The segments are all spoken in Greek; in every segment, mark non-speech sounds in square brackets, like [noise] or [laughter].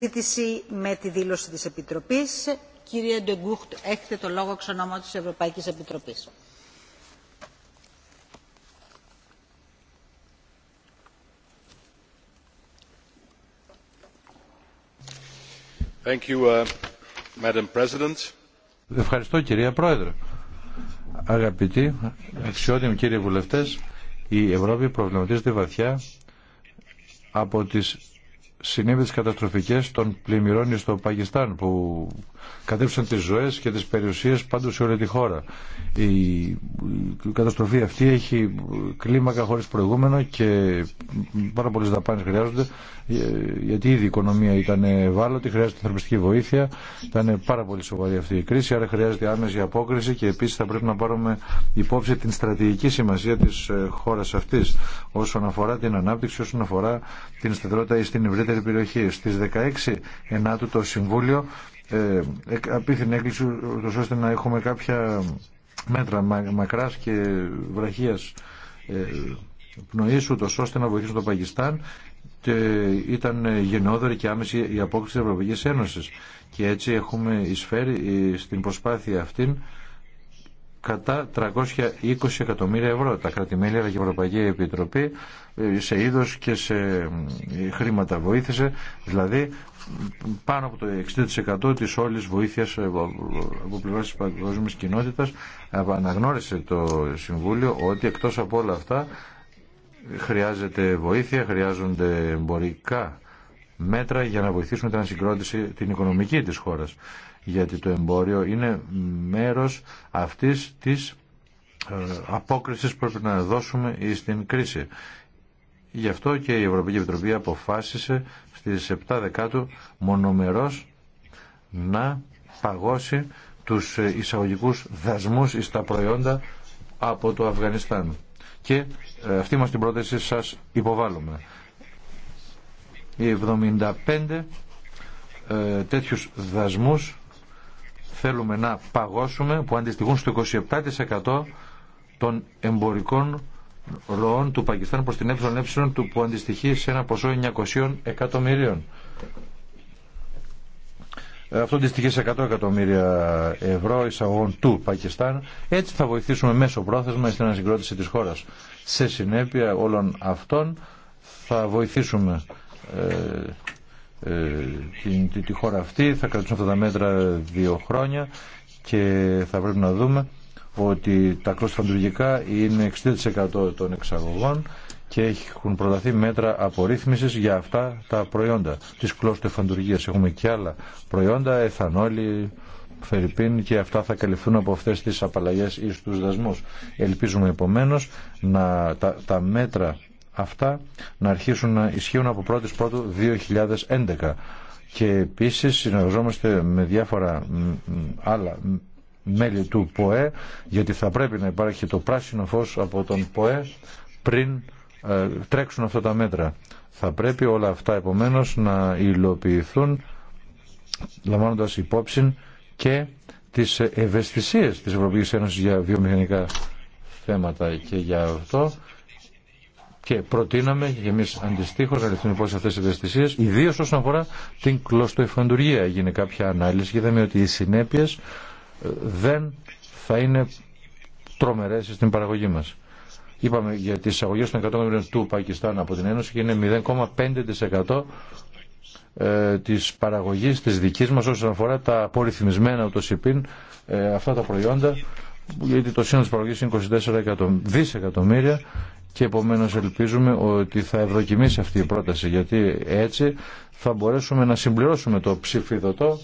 συζήτηση με τη δήλωση της Επιτροπής. Κύριε Ντεγκούχτ, έχετε το λόγο εξ ονόματος της Ευρωπαϊκής Επιτροπής. Thank you, uh, Madam President. Ευχαριστώ κυρία Πρόεδρε. Αγαπητοί, αξιότιμοι κύριοι βουλευτές, η Ευρώπη προβληματίζεται βαθιά από τις συνέβη καταστροφικές των πλημμυρών στο Πακιστάν που κατέψαν τις ζωές και τις περιουσίες πάντως σε όλη τη χώρα. Η καταστροφή αυτή έχει κλίμακα χωρίς προηγούμενο και πάρα πολλές δαπάνες χρειάζονται ε, γιατί ήδη η οικονομία ήταν ευάλωτη, χρειάζεται ανθρωπιστική βοήθεια, ήταν πάρα πολύ σοβαρή αυτή η κρίση, άρα χρειάζεται άμεση απόκριση και επίσης θα πρέπει να πάρουμε υπόψη την στρατηγική σημασία της ε, χώρας αυτής όσον αφορά την ανάπτυξη, όσον αφορά την σταθερότητα στην ευρύτερη περιοχή. Στις 16 Ενάτου το Συμβούλιο ε, ε, απίθυνη έκκληση ώστε να έχουμε κάποια μέτρα μακράς και βραχίας ε, πνοής ούτως ώστε να βοηθήσουν το Πακιστάν και ήταν γενναιόδορη και άμεση η απόκριση της Ευρωπαϊκής Ένωσης και έτσι έχουμε εισφέρει ε, στην προσπάθεια αυτήν κατά 320 εκατομμύρια ευρώ τα κρατημέλη αλλά και η Ευρωπαϊκή Επιτροπή ε, σε είδος και σε χρήματα βοήθησε δηλαδή πάνω από το 60% της όλης βοήθειας ε, από πλευράς της παγκόσμιας κοινότητας ε, αναγνώρισε το Συμβούλιο ότι εκτός από όλα αυτά χρειάζεται βοήθεια, χρειάζονται εμπορικά μέτρα για να βοηθήσουμε την ανασυγκρότηση την οικονομική της χώρας. Γιατί το εμπόριο είναι μέρος αυτής της ε, απόκρισης που πρέπει να δώσουμε στην κρίση. Γι' αυτό και η Ευρωπαϊκή Επιτροπή αποφάσισε στις 7 Δεκάτου μονομερός να παγώσει τους εισαγωγικούς δασμούς στα προϊόντα από το Αφγανιστάν. Και ε, αυτή μας την πρόταση σας υποβάλλουμε. Οι 75 ε, τέτοιους δασμούς θέλουμε να παγώσουμε που αντιστοιχούν στο 27% των εμπορικών ροών του Πακιστάν προς την ΕΕ του που αντιστοιχεί σε ένα ποσό 900 εκατομμυρίων. Ε, αυτό αντιστοιχεί σε 100 εκατομμύρια ευρώ εισαγωγών του Πακιστάν. Έτσι θα βοηθήσουμε μέσω πρόθεσμα στην ανασυγκρότηση της χώρας. Σε συνέπεια όλων αυτών θα βοηθήσουμε ε, ε τη, χώρα αυτή, θα κρατήσουμε αυτά τα μέτρα δύο χρόνια και θα πρέπει να δούμε ότι τα φαντουργικά είναι 60% των εξαγωγών και έχουν προταθεί μέτρα απορρίθμισης για αυτά τα προϊόντα της κλωστοφαντουργίας. Έχουμε και άλλα προϊόντα, εθανόλη, Φερρυπίν και αυτά θα καλυφθούν από αυτές τις απαλλαγές ή στους δασμούς. Ελπίζουμε επομένως να, τα, τα μέτρα αυτά να αρχίσουν να ισχύουν από 1η Πρώτου 2011. Και επίσης συνεργαζόμαστε με διάφορα άλλα μέλη του ΠΟΕ, γιατί θα πρέπει να υπάρχει το πράσινο φως από τον ΠΟΕ πριν ε, τρέξουν αυτά τα μέτρα. Θα πρέπει όλα αυτά επομένως να υλοποιηθούν λαμβάνοντας υπόψη και τις ευαισθησίες της Ευρωπαϊκής Ένωσης για βιομηχανικά θέματα και για αυτό και προτείναμε και εμεί αντιστοίχω να ληφθούν υπόψη αυτέ τι ευαισθησίες, ιδίω όσον αφορά την κλωστοεφαντουργία. Έγινε κάποια ανάλυση και είδαμε ότι οι συνέπειε δεν θα είναι τρομερές στην παραγωγή μας. Είπαμε για τις εισαγωγές των 100 εκατομμυρίων του Πακιστάν από την Ένωση και είναι 0,5% ε, της παραγωγής της δικής μας όσον αφορά τα απορριθμισμένα ούτως ε, αυτά τα προϊόντα γιατί το σύνολο της παραγωγής είναι 24 δισεκατομμύρια και επομένως ελπίζουμε ότι θα ευδοκιμήσει αυτή η πρόταση γιατί έτσι θα μπορέσουμε να συμπληρώσουμε το ψηφιδωτό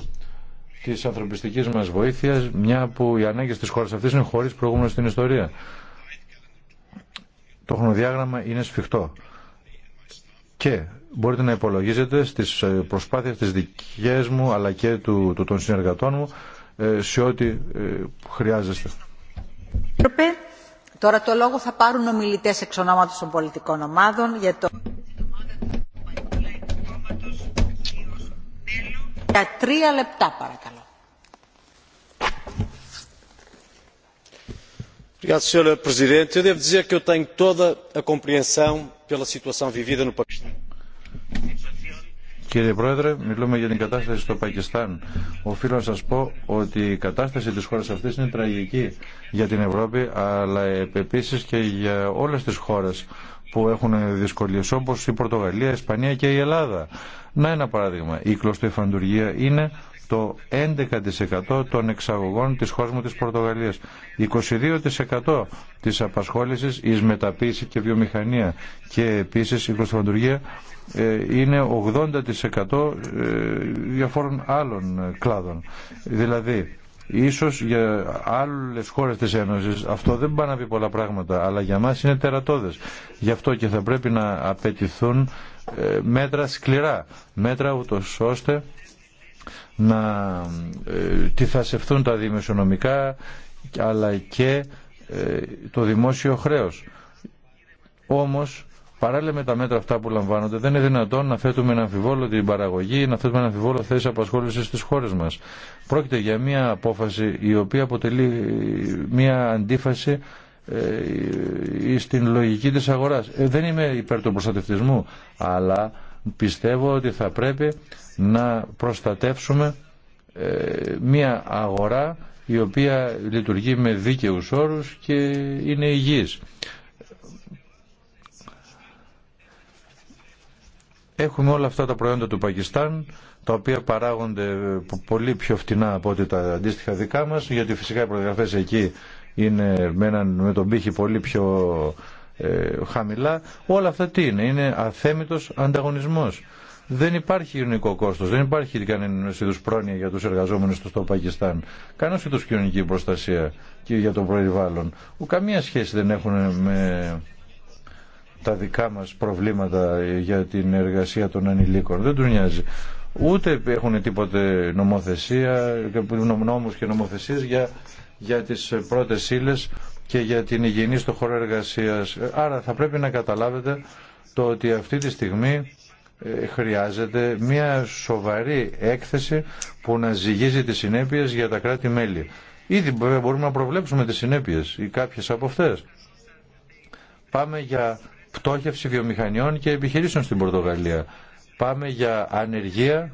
Τη ανθρωπιστική μας βοήθειας, μια που οι ανάγκε της χώρας αυτής είναι χωρί προηγούμενο στην ιστορία. Το χρονοδιάγραμμα είναι σφιχτό. Και μπορείτε να υπολογίζετε στι ε, προσπάθειες της δικές μου αλλά και του, του των συνεργατών μου ε, σε ό,τι ε, χρειάζεστε. Τώρα το λόγο θα πάρουν ομιλητέ εξ των πολιτικών ομάδων για το... παρακαλώ. Κύριε Πρόεδρε, μιλούμε για την κατάσταση στο Πακιστάν. Οφείλω να σας πω ότι η κατάσταση της χώρας αυτής είναι τραγική για την Ευρώπη, αλλά επίσης και για όλες τις χώρες που έχουν δυσκολίε όπως η Πορτογαλία, η Ισπανία και η Ελλάδα. Να ένα παράδειγμα, η κλωστοϊφαντουργία είναι το 11% των εξαγωγών της χώρας μου της Πορτογαλίας. 22% της απασχόλησης η μεταποίηση και βιομηχανία. Και επίσης η κλωστοφαντουργία ε, είναι 80% ε, διαφόρων άλλων κλάδων. Δηλαδή Ίσως για άλλες χώρες της Ένωσης αυτό δεν πάει να πει πολλά πράγματα, αλλά για μας είναι τερατώδες. Γι' αυτό και θα πρέπει να απαιτηθούν ε, μέτρα σκληρά, μέτρα ούτως ώστε να ε, τυθασευτούν τα δημοσιονομικά αλλά και ε, το δημόσιο χρέος. Όμως Παράλληλα με τα μέτρα αυτά που λαμβάνονται, δεν είναι δυνατόν να θέτουμε ένα αμφιβόλο την παραγωγή, να θέτουμε ένα αμφιβόλο θέσει απασχόληση στι χώρε μα. Πρόκειται για μια απόφαση η οποία αποτελεί μια αντίφαση στην ε, λογική της αγοράς. Ε, δεν είμαι υπέρ του προστατευτισμού, αλλά πιστεύω ότι θα πρέπει να προστατεύσουμε ε, μια αγορά η οποία λειτουργεί με δίκαιους όρους και είναι υγιής. Έχουμε όλα αυτά τα προϊόντα του Πακιστάν, τα οποία παράγονται πολύ πιο φτηνά από ό,τι τα αντίστοιχα δικά μας, γιατί φυσικά οι προδιαγραφές εκεί είναι με, με τον πύχη πολύ πιο ε, χαμηλά. Όλα αυτά τι είναι, είναι αθέμητος ανταγωνισμός. Δεν υπάρχει γενικό κόστος, δεν υπάρχει κανένα είδους πρόνοια για τους εργαζόμενους στο Πακιστάν, κανένα είδους κοινωνική προστασία και για το περιβάλλον. Καμία σχέση δεν έχουν με τα δικά μας προβλήματα για την εργασία των ανηλίκων. Δεν του νοιάζει. Ούτε έχουν τίποτε νομοθεσία, νόμους και νομοθεσίες για, για τις πρώτες ύλες και για την υγιεινή στο χώρο εργασίας. Άρα θα πρέπει να καταλάβετε το ότι αυτή τη στιγμή ε, χρειάζεται μια σοβαρή έκθεση που να ζυγίζει τις συνέπειες για τα κράτη-μέλη. Ήδη μπορούμε να προβλέψουμε τις συνέπειες ή κάποιες από αυτές. Πάμε για πτώχευση βιομηχανιών και επιχειρήσεων στην Πορτογαλία. Πάμε για ανεργία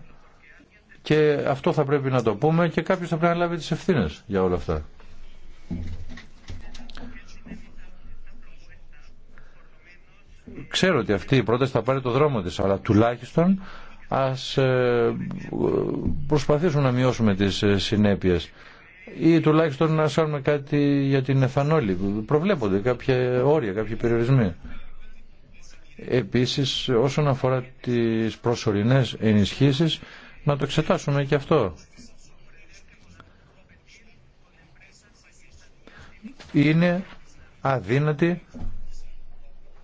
και αυτό θα πρέπει να το πούμε και κάποιος θα πρέπει να λάβει τις ευθύνες για όλα αυτά. Ξέρω ότι αυτή η πρόταση θα πάρει το δρόμο της, αλλά τουλάχιστον ας ε, προσπαθήσουμε να μειώσουμε τις ε, συνέπειες ή τουλάχιστον να κάνουμε κάτι για την εθανόλη. Προβλέπονται κάποια όρια, κάποιοι περιορισμοί. Επίσης όσον αφορά τις προσωρινές ενισχύσεις να το εξετάσουμε και αυτό. Είναι αδύνατη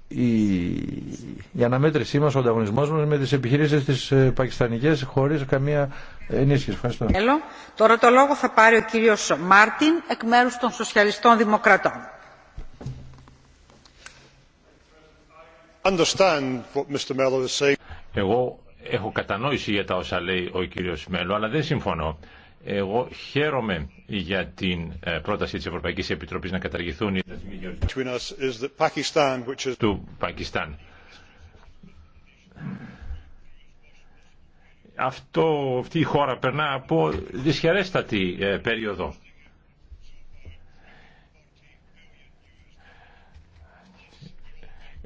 η, η αναμέτρησή μας, ο ανταγωνισμός μας με τις επιχειρήσεις της ε, πακιστανικές χωρίς καμία ενίσχυση. Ευχαριστώ. Τώρα το λόγο θα πάρει ο κύριος Μάρτιν εκ μέρους των Σοσιαλιστών Δημοκρατών. Εγώ έχω κατανόηση για τα όσα λέει ο κύριος Μέλλο, αλλά δεν συμφωνώ. Εγώ χαίρομαι για την ε, πρόταση της Ευρωπαϊκής Επιτροπής να καταργηθούν οι του Πακιστάν. αυτή η χώρα περνά από δυσχερέστατη ε, περίοδο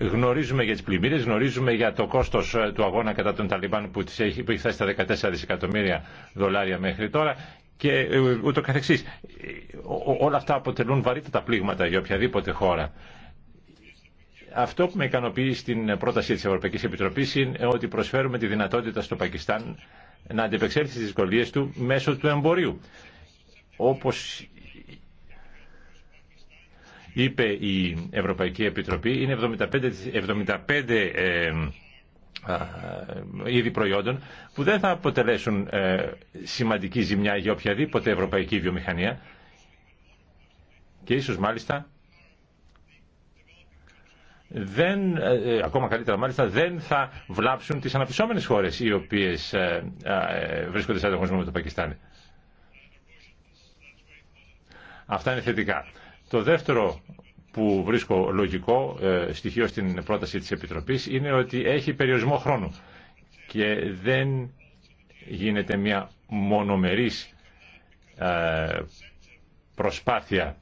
Γνωρίζουμε για τι πλημμύρε, γνωρίζουμε για το κόστο ε, του αγώνα κατά των Ταλιμπάν που, έχει, φτάσει στα 14 δισεκατομμύρια δολάρια μέχρι τώρα και ε, ούτω καθεξή. Ε, όλα αυτά αποτελούν βαρύτατα πλήγματα για οποιαδήποτε χώρα. Αυτό που με ικανοποιεί στην πρόταση τη Ευρωπαϊκή Επιτροπή είναι ότι προσφέρουμε τη δυνατότητα στο Πακιστάν να αντεπεξέλθει στι δυσκολίε του μέσω του εμπορίου είπε η Ευρωπαϊκή Επιτροπή είναι 75, ε, είδη προϊόντων που δεν θα αποτελέσουν ε, σημαντική ζημιά για οποιαδήποτε ευρωπαϊκή βιομηχανία και ίσως μάλιστα δεν, ε, ακόμα καλύτερα μάλιστα, δεν θα βλάψουν τις αναπτυσσόμενες χώρες οι οποίες βρίσκονται σε ανταγωνισμό με το Πακιστάν. Αυτά είναι θετικά. Το δεύτερο που βρίσκω λογικό ε, στοιχείο στην πρόταση της Επιτροπής είναι ότι έχει περιορισμό χρόνου και δεν γίνεται μια μονομερής ε, προσπάθεια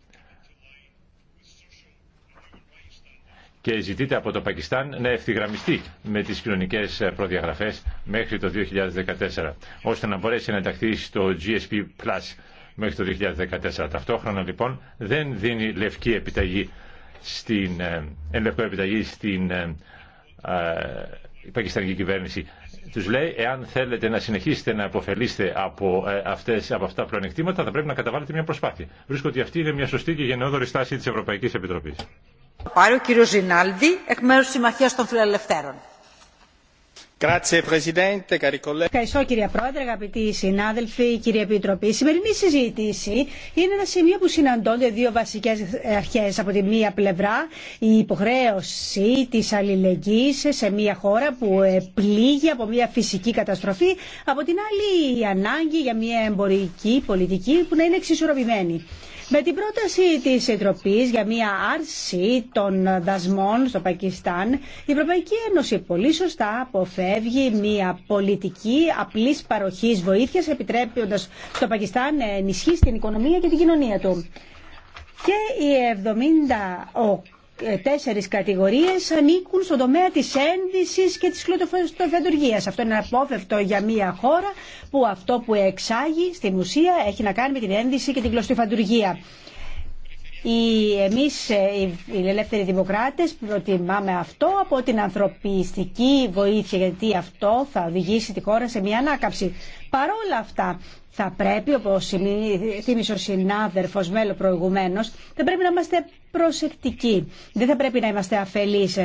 και ζητείται από το Πακιστάν να ευθυγραμμιστεί με τις κοινωνικές ε, προδιαγραφές μέχρι το 2014 ώστε να μπορέσει να ενταχθεί στο GSP Plus μέχρι το 2014. Ταυτόχρονα λοιπόν δεν δίνει λευκή επιταγή στην, ε, επιταγή στην ε, ε, πακιστανική κυβέρνηση. Τους λέει εάν θέλετε να συνεχίσετε να αποφελείστε από, ε, αυτές, από αυτά τα πλεονεκτήματα θα πρέπει να καταβάλλετε μια προσπάθεια. Βρίσκω ότι αυτή είναι μια σωστή και γενναιόδορη στάση της Ευρωπαϊκής Επιτροπής. Πάρει ο κύριος εκ μέρους Συμμαχίας των Φιλελευθέρων. Ευχαριστώ κύριε Πρόεδρε, αγαπητοί συνάδελφοι, κύριε Επιτροπή. Η σημερινή συζήτηση είναι ένα σημείο που συναντώνται δύο βασικέ αρχέ. Από τη μία πλευρά η υποχρέωση τη αλληλεγγύη σε μια χώρα που πλήγει από μια φυσική καταστροφή. Από την άλλη η ανάγκη για μια εμπορική πολιτική που να είναι εξισορροπημένη. Με την πρόταση της ετροπής για μια άρση των δασμών στο Πακιστάν, η Ευρωπαϊκή Ένωση πολύ σωστά αποφεύγει μια πολιτική απλής παροχής βοήθειας, επιτρέποντας στο Πακιστάν να ενισχύσει την οικονομία και την κοινωνία του. Και η 78 ε, τέσσερις κατηγορίες ανήκουν στον τομέα της ένδυσης και της κλωτοφεντουργίας. Αυτό είναι απόφευκτο για μια χώρα που αυτό που εξάγει στην ουσία έχει να κάνει με την ένδυση και την κλωστοφαντουργία. Ε, οι, εμείς οι ελεύθεροι δημοκράτες προτιμάμε αυτό από την ανθρωπιστική βοήθεια γιατί αυτό θα οδηγήσει τη χώρα σε μια ανάκαψη. Παρόλα αυτά θα πρέπει, όπως θύμισε ο συνάδελφος μέλο προηγουμένως, θα πρέπει να είμαστε προσεκτικοί. Δεν θα πρέπει να είμαστε αφελείς.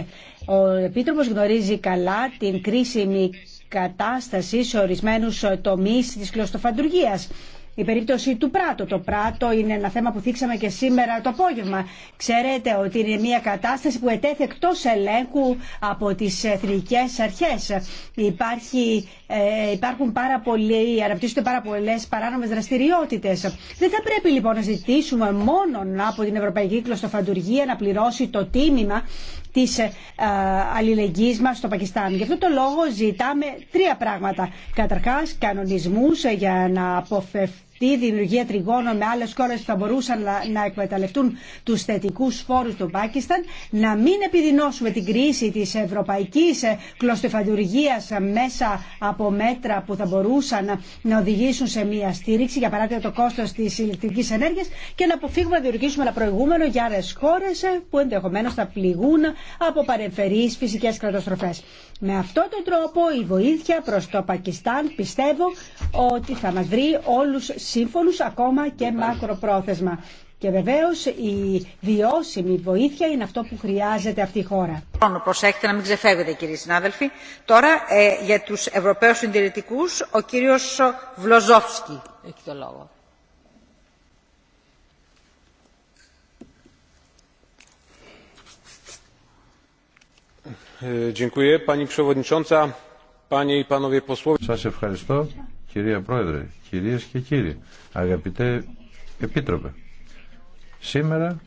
Ο Επίτροπος γνωρίζει καλά την κρίσιμη κατάσταση σε ορισμένους τομείς της κλωστοφαντουργίας η περίπτωση του Πράτο. Το Πράτο είναι ένα θέμα που θίξαμε και σήμερα το απόγευμα. Ξέρετε ότι είναι μια κατάσταση που ετέθη εκτό ελέγχου από τι εθνικέ αρχέ. Ε, υπάρχουν πάρα πολλοί, αναπτύσσονται πάρα πολλέ παράνομε δραστηριότητε. Δεν θα πρέπει λοιπόν να ζητήσουμε μόνον από την Ευρωπαϊκή Κλωστοφαντουργία να πληρώσει το τίμημα τη ε, αλληλεγγύη μα στο Πακιστάν. Γι' αυτό το λόγο ζητάμε τρία πράγματα. Καταρχά, κανονισμού για να αποφευθεί τη δημιουργία τριγώνων με άλλες χώρες που θα μπορούσαν να εκμεταλλευτούν τους θετικούς φόρους του Πάκισταν, να μην επιδεινώσουμε την κρίση της ευρωπαϊκής ε, κλωστοφαντουργίας ε, μέσα από μέτρα που θα μπορούσαν να οδηγήσουν σε μια στήριξη, για παράδειγμα το κόστος της ηλεκτρικής ενέργειας και να αποφύγουμε να δημιουργήσουμε ένα προηγούμενο για άλλες χώρες ε, που ενδεχομένως θα πληγούν από παρεμφερείς φυσικές καταστροφές. Με αυτόν τον τρόπο η βοήθεια προς το Πακιστάν πιστεύω ότι θα μας βρει όλους σύμφωνους ακόμα και μακροπρόθεσμα. Και βεβαίως η βιώσιμη βοήθεια είναι αυτό που χρειάζεται αυτή η χώρα. Προσέχετε να μην ξεφεύγετε κύριοι συνάδελφοι. Τώρα ε, για τους Ευρωπαίους συντηρητικού, ο κύριος Βλοζόφσκι έχει το λόγο. Σας ευχαριστώ κυρία Πρόεδρε, κυρίες και κύριοι, αγαπητέ Επίτροπε. Σήμερα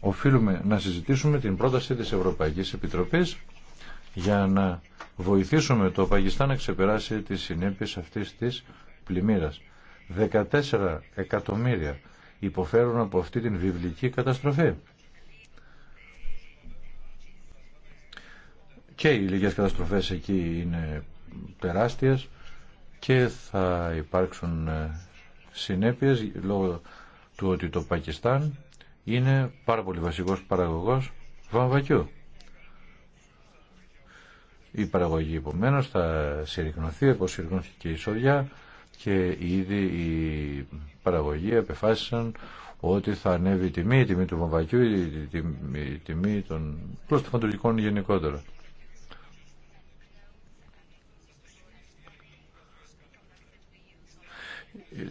οφείλουμε να συζητήσουμε την πρόταση της Ευρωπαϊκής Επιτροπής για να βοηθήσουμε το Πακιστάν να ξεπεράσει τις συνέπειες αυτής της πλημμύρας. 14 εκατομμύρια υποφέρουν από αυτή την βιβλική καταστροφή. και οι ηλικίες καταστροφές εκεί είναι τεράστιες και θα υπάρξουν ε, συνέπειες λόγω του ότι το Πακιστάν είναι πάρα πολύ βασικός παραγωγός βαμβακιού. Η παραγωγή επομένω θα συρρυκνωθεί όπω συρρυκνώθηκε και η σοδιά και ήδη οι παραγωγοί επεφάσισαν ότι θα ανέβει η τιμή, η τιμή του βαμβακιού, η τιμή των κλωστοφαντουργικών γενικότερα.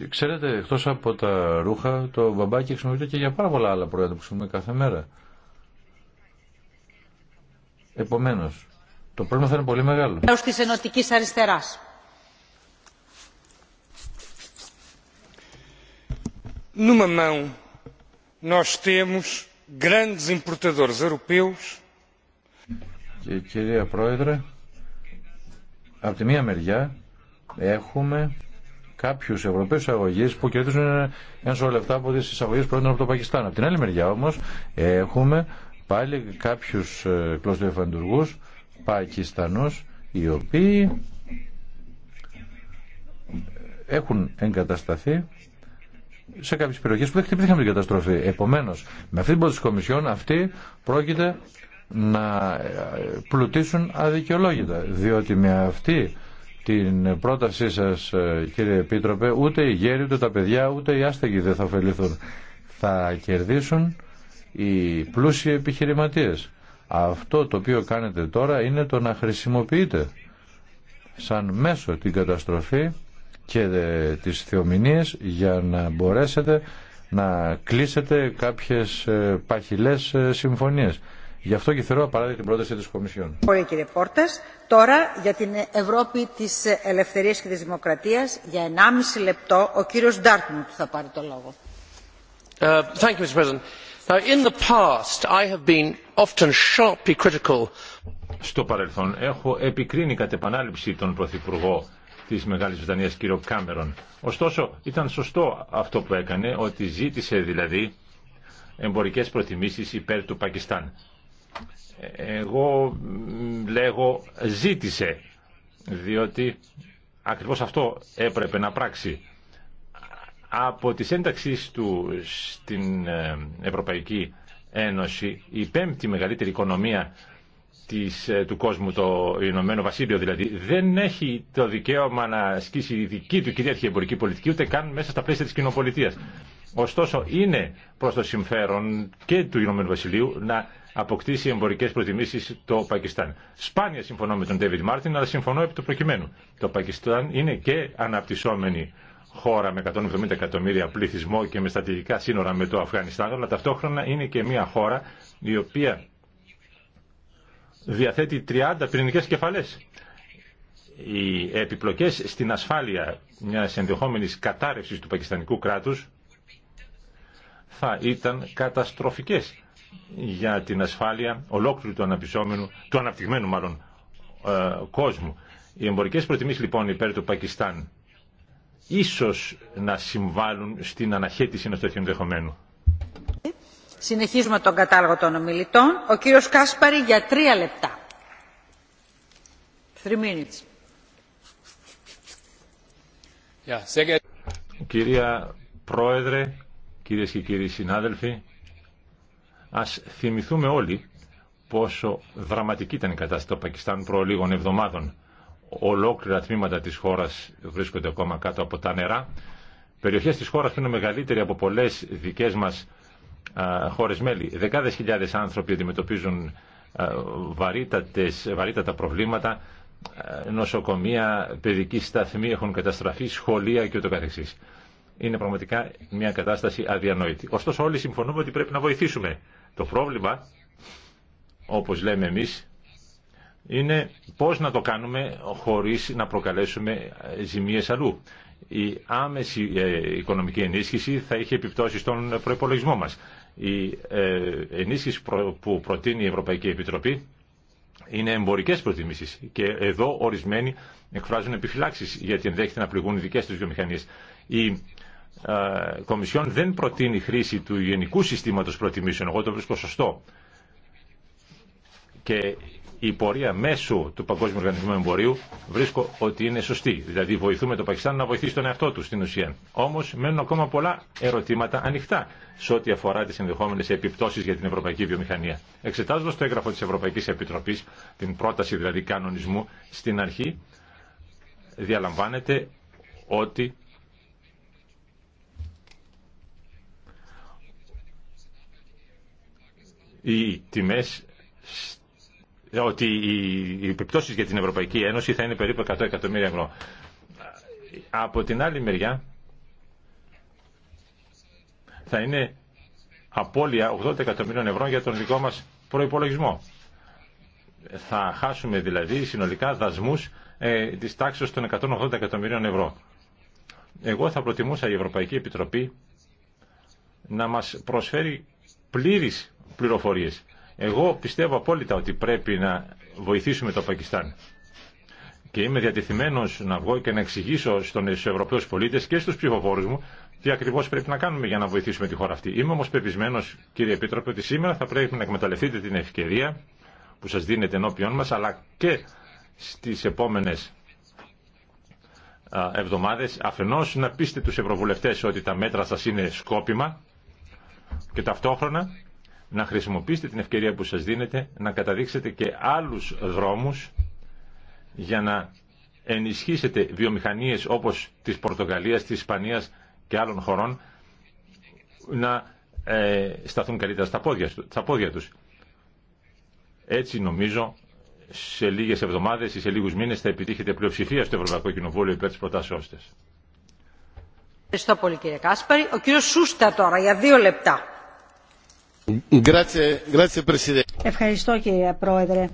Ξέρετε, εκτός από τα ρούχα, το μπαμπάκι χρησιμοποιείται και για πάρα πολλά άλλα προϊόντα που χρησιμοποιούμε κάθε μέρα. Επομένως, το πρόβλημα θα είναι πολύ μεγάλο. Μέρο τη ενωτική αριστερά. Numa mão, nós temos grandes importadores europeus. Και, κυρία Πρόεδρε, από τη μία μεριά έχουμε κάποιου Ευρωπαίου εισαγωγεί που κερδίζουν ένα σωρό λεφτά από τι εισαγωγέ που από το Πακιστάν. Από την άλλη μεριά όμω έχουμε πάλι κάποιου ε, κλωστοεφαντουργού Πακιστανού οι οποίοι έχουν εγκατασταθεί σε κάποιε περιοχέ που δεν χτυπήθηκαν την καταστροφή. Επομένω, με αυτή την πρόταση τη Κομισιόν αυτοί πρόκειται να ε, πλουτίσουν αδικαιολόγητα. Διότι με αυτή την πρότασή σας ε, κύριε Επίτροπε ούτε οι γέροι ούτε τα παιδιά ούτε οι άστεγοι δεν θα ωφεληθούν. Θα κερδίσουν οι πλούσιοι επιχειρηματίες. Αυτό το οποίο κάνετε τώρα είναι το να χρησιμοποιείτε σαν μέσο την καταστροφή και ε, τις θεομηνίες για να μπορέσετε να κλείσετε κάποιες ε, παχυλές συμφωνίες. Γι' αυτό και θεωρώ απαράδεκτη την πρόταση της Κομισιόν. κύριε Πόρτας. Τώρα για την Ευρώπη τη ελευθερία και τη Δημοκρατία, για 1,5 λεπτό, ο κύριος Ντάρκμουντ θα πάρει το λόγο. Στο παρελθόν έχω επικρίνει κατ' επανάληψη τον Πρωθυπουργό τη μεγάλη Βρετανία, κύριο Κάμερον. Ωστόσο, ήταν σωστό αυτό που έκανε, ότι ζήτησε δηλαδή εμπορικές προτιμήσεις υπέρ του Πακιστάν. Εγώ λέγω ζήτησε, διότι ακριβώς αυτό έπρεπε να πράξει. Από τις ένταξεις του στην ε, Ευρωπαϊκή Ένωση, η πέμπτη μεγαλύτερη οικονομία της, ε, του κόσμου, το Ηνωμένο Βασίλειο δηλαδή, δεν έχει το δικαίωμα να ασκήσει η δική του κυρίαρχη εμπορική πολιτική, ούτε καν μέσα στα πλαίσια της κοινοπολιτείας. Ωστόσο είναι προ το συμφέρον και του Ηνωμένου Βασιλείου να αποκτήσει εμπορικέ προτιμήσει το Πακιστάν. Σπάνια συμφωνώ με τον Ντέβιτ Μάρτιν, αλλά συμφωνώ επί του προκειμένου. Το Πακιστάν είναι και αναπτυσσόμενη χώρα με 170 εκατομμύρια πληθυσμό και με στατηγικά σύνορα με το Αφγανιστάν, αλλά ταυτόχρονα είναι και μια χώρα η οποία διαθέτει 30 πυρηνικέ κεφαλές. Οι επιπλοκές στην ασφάλεια μιας ενδεχόμενης κατάρρευσης του πακιστανικού κράτους θα ήταν καταστροφικές για την ασφάλεια ολόκληρου του αναπτυσσόμενου, του αναπτυγμένου μάλλον ε, κόσμου. Οι εμπορικές προτιμήσεις λοιπόν υπέρ του Πακιστάν ίσως να συμβάλλουν στην αναχέτηση ενός τέτοιου ενδεχομένου. Συνεχίζουμε τον κατάλογο των ομιλητών. Ο κύριος Κάσπαρη για τρία λεπτά. Three minutes. Yeah, Κυρία Πρόεδρε, Κυρίες και κύριοι συνάδελφοι, ας θυμηθούμε όλοι πόσο δραματική ήταν η κατάσταση του Πακιστάν προ λίγων εβδομάδων. Ολόκληρα τμήματα της χώρας βρίσκονται ακόμα κάτω από τα νερά. Περιοχές της χώρας που είναι μεγαλύτεροι από πολλές δικές μας χώρες μέλη. Δεκάδες χιλιάδες άνθρωποι αντιμετωπίζουν βαρύτατα προβλήματα, νοσοκομεία, παιδική σταθμή έχουν καταστραφεί, σχολεία και ούτω είναι πραγματικά μια κατάσταση αδιανόητη. Ωστόσο όλοι συμφωνούμε ότι πρέπει να βοηθήσουμε. Το πρόβλημα, όπως λέμε εμείς, είναι πώς να το κάνουμε χωρίς να προκαλέσουμε ζημίες αλλού. Η άμεση ε, οικονομική ενίσχυση θα είχε επιπτώσει στον προπολογισμό μας. Η ε, ενίσχυση που προτείνει η Ευρωπαϊκή Επιτροπή είναι εμπορικές προτιμήσεις και εδώ ορισμένοι εκφράζουν επιφυλάξεις γιατί ενδέχεται να πληγούν οι δικές τους βιομηχανίες η ε, Κομισιόν δεν προτείνει χρήση του γενικού συστήματος προτιμήσεων. Εγώ το βρίσκω σωστό. Και η πορεία μέσω του Παγκόσμιου Οργανισμού Εμπορίου βρίσκω ότι είναι σωστή. Δηλαδή βοηθούμε το Πακιστάν να βοηθήσει τον εαυτό του στην ουσία. Όμω μένουν ακόμα πολλά ερωτήματα ανοιχτά σε ό,τι αφορά τι ενδεχόμενε επιπτώσει για την ευρωπαϊκή βιομηχανία. Εξετάζοντα το έγγραφο τη Ευρωπαϊκή Επιτροπή, την πρόταση δηλαδή κανονισμού, στην αρχή διαλαμβάνεται ότι οι τιμέ ότι οι επιπτώσεις για την Ευρωπαϊκή Ένωση θα είναι περίπου 100 εκατομμύρια ευρώ. Από την άλλη μεριά θα είναι απώλεια 80 εκατομμύρια ευρώ για τον δικό μας προϋπολογισμό. Θα χάσουμε δηλαδή συνολικά δασμούς ε, της τάξης των 180 εκατομμυρίων ευρώ. Εγώ θα προτιμούσα η Ευρωπαϊκή Επιτροπή να μας προσφέρει πλήρης πληροφορίες. Εγώ πιστεύω απόλυτα ότι πρέπει να βοηθήσουμε το Πακιστάν. Και είμαι διατεθειμένο να βγω και να εξηγήσω στου Ευρωπαίου πολίτε και στου ψηφοφόρου μου τι ακριβώ πρέπει να κάνουμε για να βοηθήσουμε τη χώρα αυτή. Είμαι όμω πεπισμένος, κύριε Επίτροπε, ότι σήμερα θα πρέπει να εκμεταλλευτείτε την ευκαιρία που σα δίνεται ενώπιον μα, αλλά και στι επόμενε εβδομάδε. αφενό να πείστε του ευρωβουλευτέ ότι τα μέτρα σα είναι σκόπιμα και ταυτόχρονα να χρησιμοποιήσετε την ευκαιρία που σας δίνετε να καταδείξετε και άλλους δρόμους για να ενισχύσετε βιομηχανίες όπως της Πορτογαλίας, της Ισπανίας και άλλων χωρών να ε, σταθούν καλύτερα στα πόδια, στα τους. Έτσι νομίζω σε λίγες εβδομάδες ή σε λίγους μήνες θα επιτύχετε πλειοψηφία στο Ευρωπαϊκό Κοινοβούλιο υπέρ της προτάσεώς Ευχαριστώ πολύ κύριε Κάσπαρη. Ο κύριος Σούστα τώρα για δύο λεπτά. Ευχαριστώ κύριε Πρόεδρε.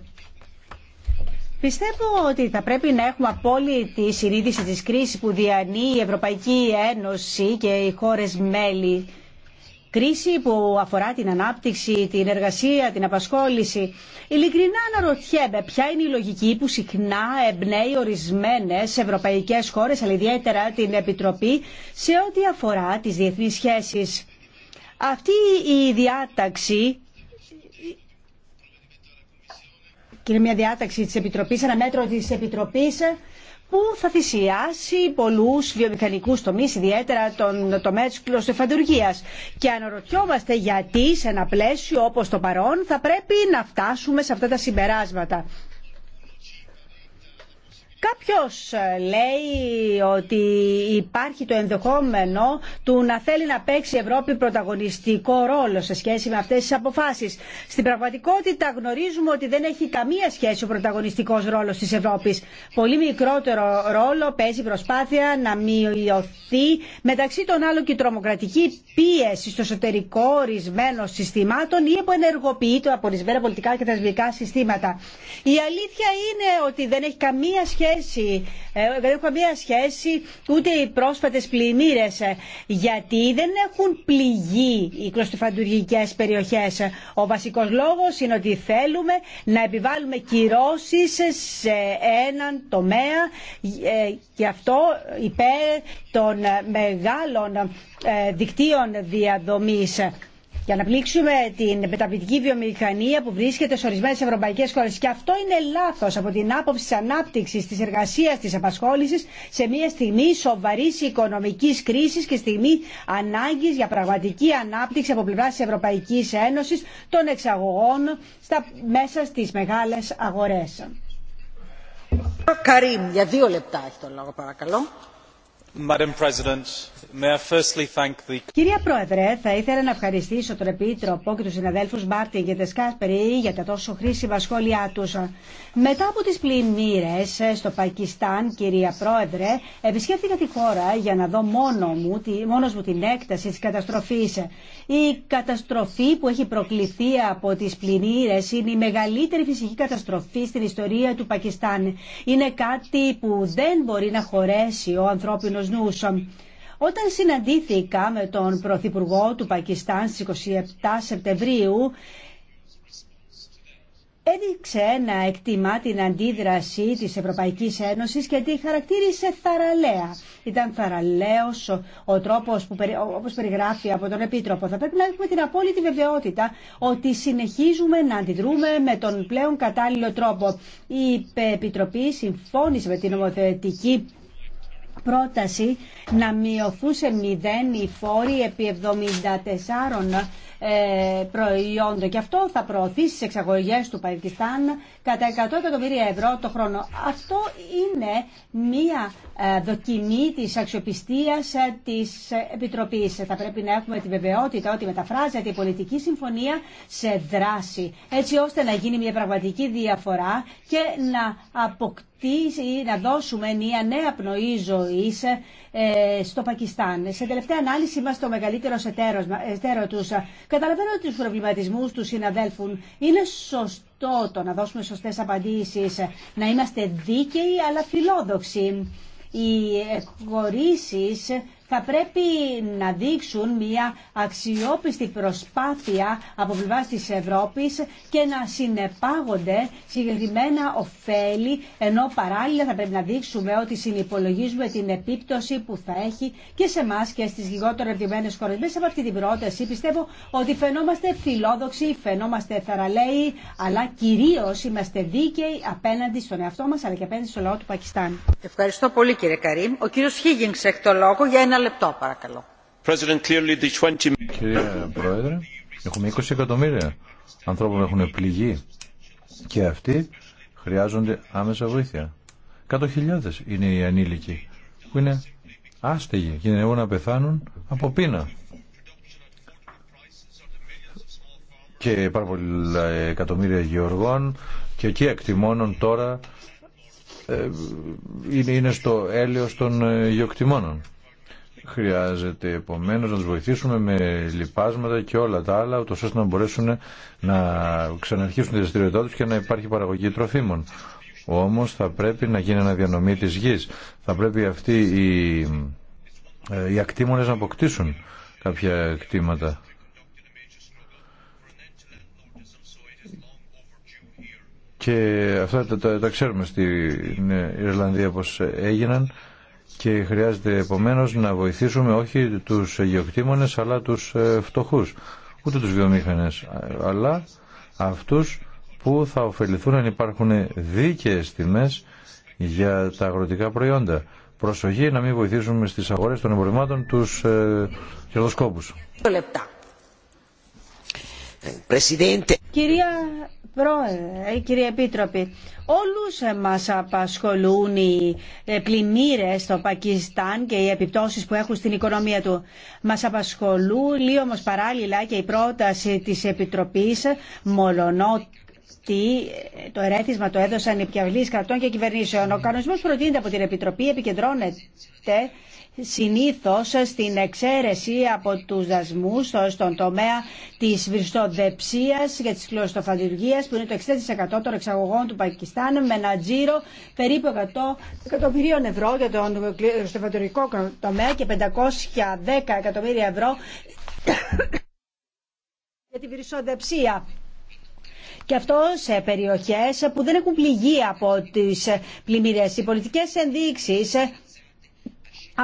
Πιστεύω ότι θα πρέπει να έχουμε απόλυτη συνείδηση της κρίσης που διανύει η Ευρωπαϊκή Ένωση και οι χώρες μέλη. Κρίση που αφορά την ανάπτυξη, την εργασία, την απασχόληση. Ειλικρινά αναρωτιέμαι ποια είναι η λογική που συχνά εμπνέει ορισμένες ευρωπαϊκές χώρες, αλλά ιδιαίτερα την Επιτροπή, σε ό,τι αφορά τις διεθνείς σχέσεις. Αυτή η διάταξη και είναι μια διάταξη της Επιτροπής, ένα μέτρο της Επιτροπής που θα θυσιάσει πολλούς βιομηχανικούς τομείς, ιδιαίτερα τον τομέα της κλωστοφαντουργίας. Και αναρωτιόμαστε γιατί σε ένα πλαίσιο όπως το παρόν θα πρέπει να φτάσουμε σε αυτά τα συμπεράσματα κάποιος ε, λέει ότι υπάρχει το ενδεχόμενο του να θέλει να παίξει η Ευρώπη πρωταγωνιστικό ρόλο σε σχέση με αυτές τις αποφάσεις. Στην πραγματικότητα γνωρίζουμε ότι δεν έχει καμία σχέση ο πρωταγωνιστικός ρόλος της Ευρώπης. Πολύ μικρότερο ρόλο παίζει προσπάθεια να μειωθεί μεταξύ των άλλων και η τρομοκρατική πίεση στο εσωτερικό ορισμένων συστημάτων ή που ενεργοποιείται από ορισμένα πολιτικά και θεσμικά συστήματα. Η αλήθεια είναι ότι δεν έχει καμία σχέση σχέση, δεν έχουν καμία σχέση ούτε οι πρόσφατες πλημμύρες ε, γιατί δεν έχουν πληγεί οι κλωστοφαντουργικές περιοχές. Ο βασικός λόγος είναι ότι θέλουμε να επιβάλλουμε κυρώσεις σε έναν τομέα ε, και αυτό υπέρ των μεγάλων ε, δικτύων διαδομής για να πλήξουμε την μεταβλητική βιομηχανία που βρίσκεται σε ορισμένε ευρωπαϊκέ χώρε. Και αυτό είναι λάθο από την άποψη τη ανάπτυξη, τη εργασία, τη απασχόληση σε μια στιγμή σοβαρή οικονομική κρίση και στιγμή ανάγκη για πραγματική ανάπτυξη από πλευρά τη Ευρωπαϊκή Ένωση των εξαγωγών στα, μέσα στι μεγάλε αγορέ. για λεπτά λόγο παρακαλώ. Κυρία Πρόεδρε, θα ήθελα να ευχαριστήσω τον Επίτροπο και τους συναδέλφους Μάρτιν και Τεσκάσπερη για τα τόσο χρήσιμα σχόλιά τους. Μετά από τις πλημμύρες στο Πακιστάν, κυρία Πρόεδρε, επισκέφθηκα τη χώρα για να δω μόνο μου, μόνος μου την έκταση της καταστροφής. Η καταστροφή που έχει προκληθεί από τις πλημμύρες είναι η μεγαλύτερη φυσική καταστροφή στην ιστορία του Πακιστάν. Είναι κάτι που δεν μπορεί να χωρέσει ο ανθρώπινο. Όταν συναντήθηκα με τον Πρωθυπουργό του Πακιστάν στις 27 Σεπτεμβρίου, έδειξε να εκτιμά την αντίδραση της Ευρωπαϊκής Ένωσης και τη χαρακτήρισε θαραλέα. Ήταν θαραλέος ο τρόπος που όπως περιγράφει από τον Επίτροπο. Θα πρέπει να έχουμε την απόλυτη βεβαιότητα ότι συνεχίζουμε να αντιδρούμε με τον πλέον κατάλληλο τρόπο. Η Επιτροπή συμφώνησε με την νομοθετική πρόταση να μειωθούν σε μηδέν οι φόροι επί 74 ε, προϊόντων. Και αυτό θα προωθήσει τι εξαγωγέ του Πακιστάν κατά 100 εκατομμύρια ευρώ το χρόνο. Αυτό είναι μία ε, δοκιμή της αξιοπιστίας ε, της ε, Επιτροπής. Θα πρέπει να έχουμε τη βεβαιότητα ότι μεταφράζεται η πολιτική συμφωνία σε δράση, έτσι ώστε να γίνει μια πραγματική διαφορά και να αποκτήσει ή να δώσουμε μια νέα πνοή ζωής στο Πακιστάν. Σε τελευταία ανάλυση είμαστε ο μεγαλύτερο εταίρο τους. Καταλαβαίνω ότι τους προβληματισμούς του συναδέλφων. Είναι σωστό αυτό να δώσουμε σωστές απαντήσεις, να είμαστε δίκαιοι αλλά φιλόδοξοι. Οι εκχωρήσεις θα πρέπει να δείξουν μια αξιόπιστη προσπάθεια από πλευρά της Ευρώπης και να συνεπάγονται συγκεκριμένα ωφέλη ενώ παράλληλα θα πρέπει να δείξουμε ότι συνυπολογίζουμε την επίπτωση που θα έχει και σε εμά και στι λιγότερο ευδημένες χώρε. Μέσα από αυτή την πρόταση πιστεύω ότι φαινόμαστε φιλόδοξοι, φαινόμαστε θαραλέοι αλλά κυρίω είμαστε δίκαιοι απέναντι στον εαυτό μα, αλλά και απέναντι στο λαό του Πακιστάν. Ευχαριστώ πολύ κύριε Καρύμ. Ο κύριος Χίγινγκς έχει το για ένα Κύριε Πρόεδρε, έχουμε 20 εκατομμύρια ανθρώπων που έχουν πληγεί και αυτοί χρειάζονται άμεσα βοήθεια. Κάτω είναι οι ανήλικοι που είναι άστεγοι, είναι να πεθάνουν από πείνα. Και πάρα πολλά εκατομμύρια γεωργών και εκεί εκτιμώνουν τώρα ε, είναι, στο έλεος των ε, γεωκτημόνων. Χρειάζεται επομένω να του βοηθήσουμε με λοιπάσματα και όλα τα άλλα, ούτω ώστε να μπορέσουν να ξαναρχίσουν τη δραστηριότητά του και να υπάρχει παραγωγή τροφίμων. Όμω θα πρέπει να γίνει αναδιανομή τη γη. Θα πρέπει αυτοί οι, ε, οι ακτήμονε να αποκτήσουν κάποια κτήματα. Και αυτά τα, τα, τα ξέρουμε στην ε, Ιρλανδία πως έγιναν και χρειάζεται επομένως να βοηθήσουμε όχι τους γεωκτήμονες αλλά τους ε, φτωχούς, ούτε τους βιομήχανες, αλλά αυτούς που θα ωφεληθούν αν υπάρχουν δίκαιες τιμές για τα αγροτικά προϊόντα. Προσοχή να μην βοηθήσουμε στις αγορές των εμπορευμάτων τους ε, κερδοσκόπους. Ε, Κυρία Πρόεδρε, κύριε Επίτροπη, όλους μας απασχολούν οι ε, πλημμύρες στο Πακιστάν και οι επιπτώσεις που έχουν στην οικονομία του. Μας απασχολούν όμως παράλληλα και η πρόταση της Επιτροπής μολονότι ε, το ερέθισμα το έδωσαν οι πιαυλίες κρατών και κυβερνήσεων. Ο κανονισμός προτείνεται από την Επιτροπή επικεντρώνεται συνήθως στην εξαίρεση από τους δασμούς στον τομέα της βριστοδεψίας και της κλωστοφαντουργίας που είναι το 60% των εξαγωγών του Πακιστάν με ένα τζίρο περίπου 100 εκατομμυρίων ευρώ για τον κλωστοφαντουργικό τομέα και 510 εκατομμύρια ευρώ [coughs] για τη βριστοδεψία. και αυτό σε περιοχές που δεν έχουν πληγεί από τις πλημμύρες. Οι πολιτικές ενδείξεις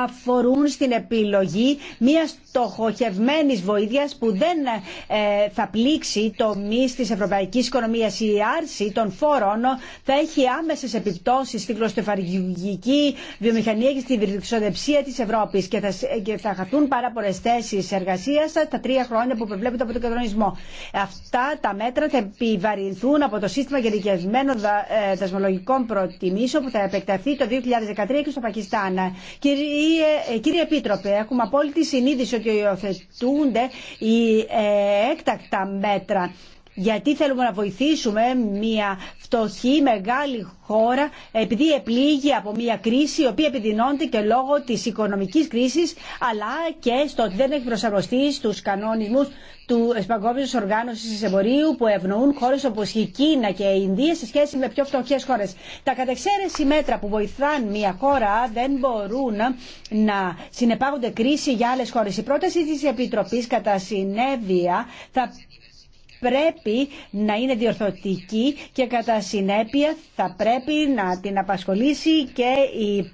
αφορούν στην επιλογή μια στοχοχευμένη βοήθεια που δεν ε, θα πλήξει το μη της ευρωπαϊκή οικονομία. Η άρση των φόρων θα έχει άμεσε επιπτώσει στην κλωστοφαργική βιομηχανία και στη βιοξοδεψία τη Ευρώπη και, και θα χαθούν πάρα πολλέ θέσει εργασία τα τρία χρόνια που προβλέπεται από τον κανονισμό. Αυτά τα μέτρα θα επιβαρυνθούν από το σύστημα γενικευμένων ε, δασμολογικών προτιμήσεων που θα επεκταθεί το 2013 και στο Πακιστάν. Κύριε Κύριε, ε, κύριε Επίτροπε, έχουμε απόλυτη συνείδηση ότι υιοθετούνται οι ε, έκτακτα μέτρα γιατί θέλουμε να βοηθήσουμε μια φτωχή μεγάλη χώρα επειδή επλήγει από μια κρίση η οποία επιδεινώνεται και λόγω της οικονομικής κρίσης αλλά και στο ότι δεν έχει προσαρμοστεί στους κανονισμούς του Παγκόσμιου Οργάνωση Εμπορίου που ευνοούν χώρε όπω η Κίνα και η Ινδία σε σχέση με πιο φτωχέ χώρε. Τα κατεξαίρεση μέτρα που βοηθάν μια χώρα δεν μπορούν να συνεπάγονται κρίση για άλλε χώρε. Η πρόταση τη Επιτροπή κατά συνέβεια θα πρέπει να είναι διορθωτική και κατά συνέπεια θα πρέπει να την απασχολήσει και η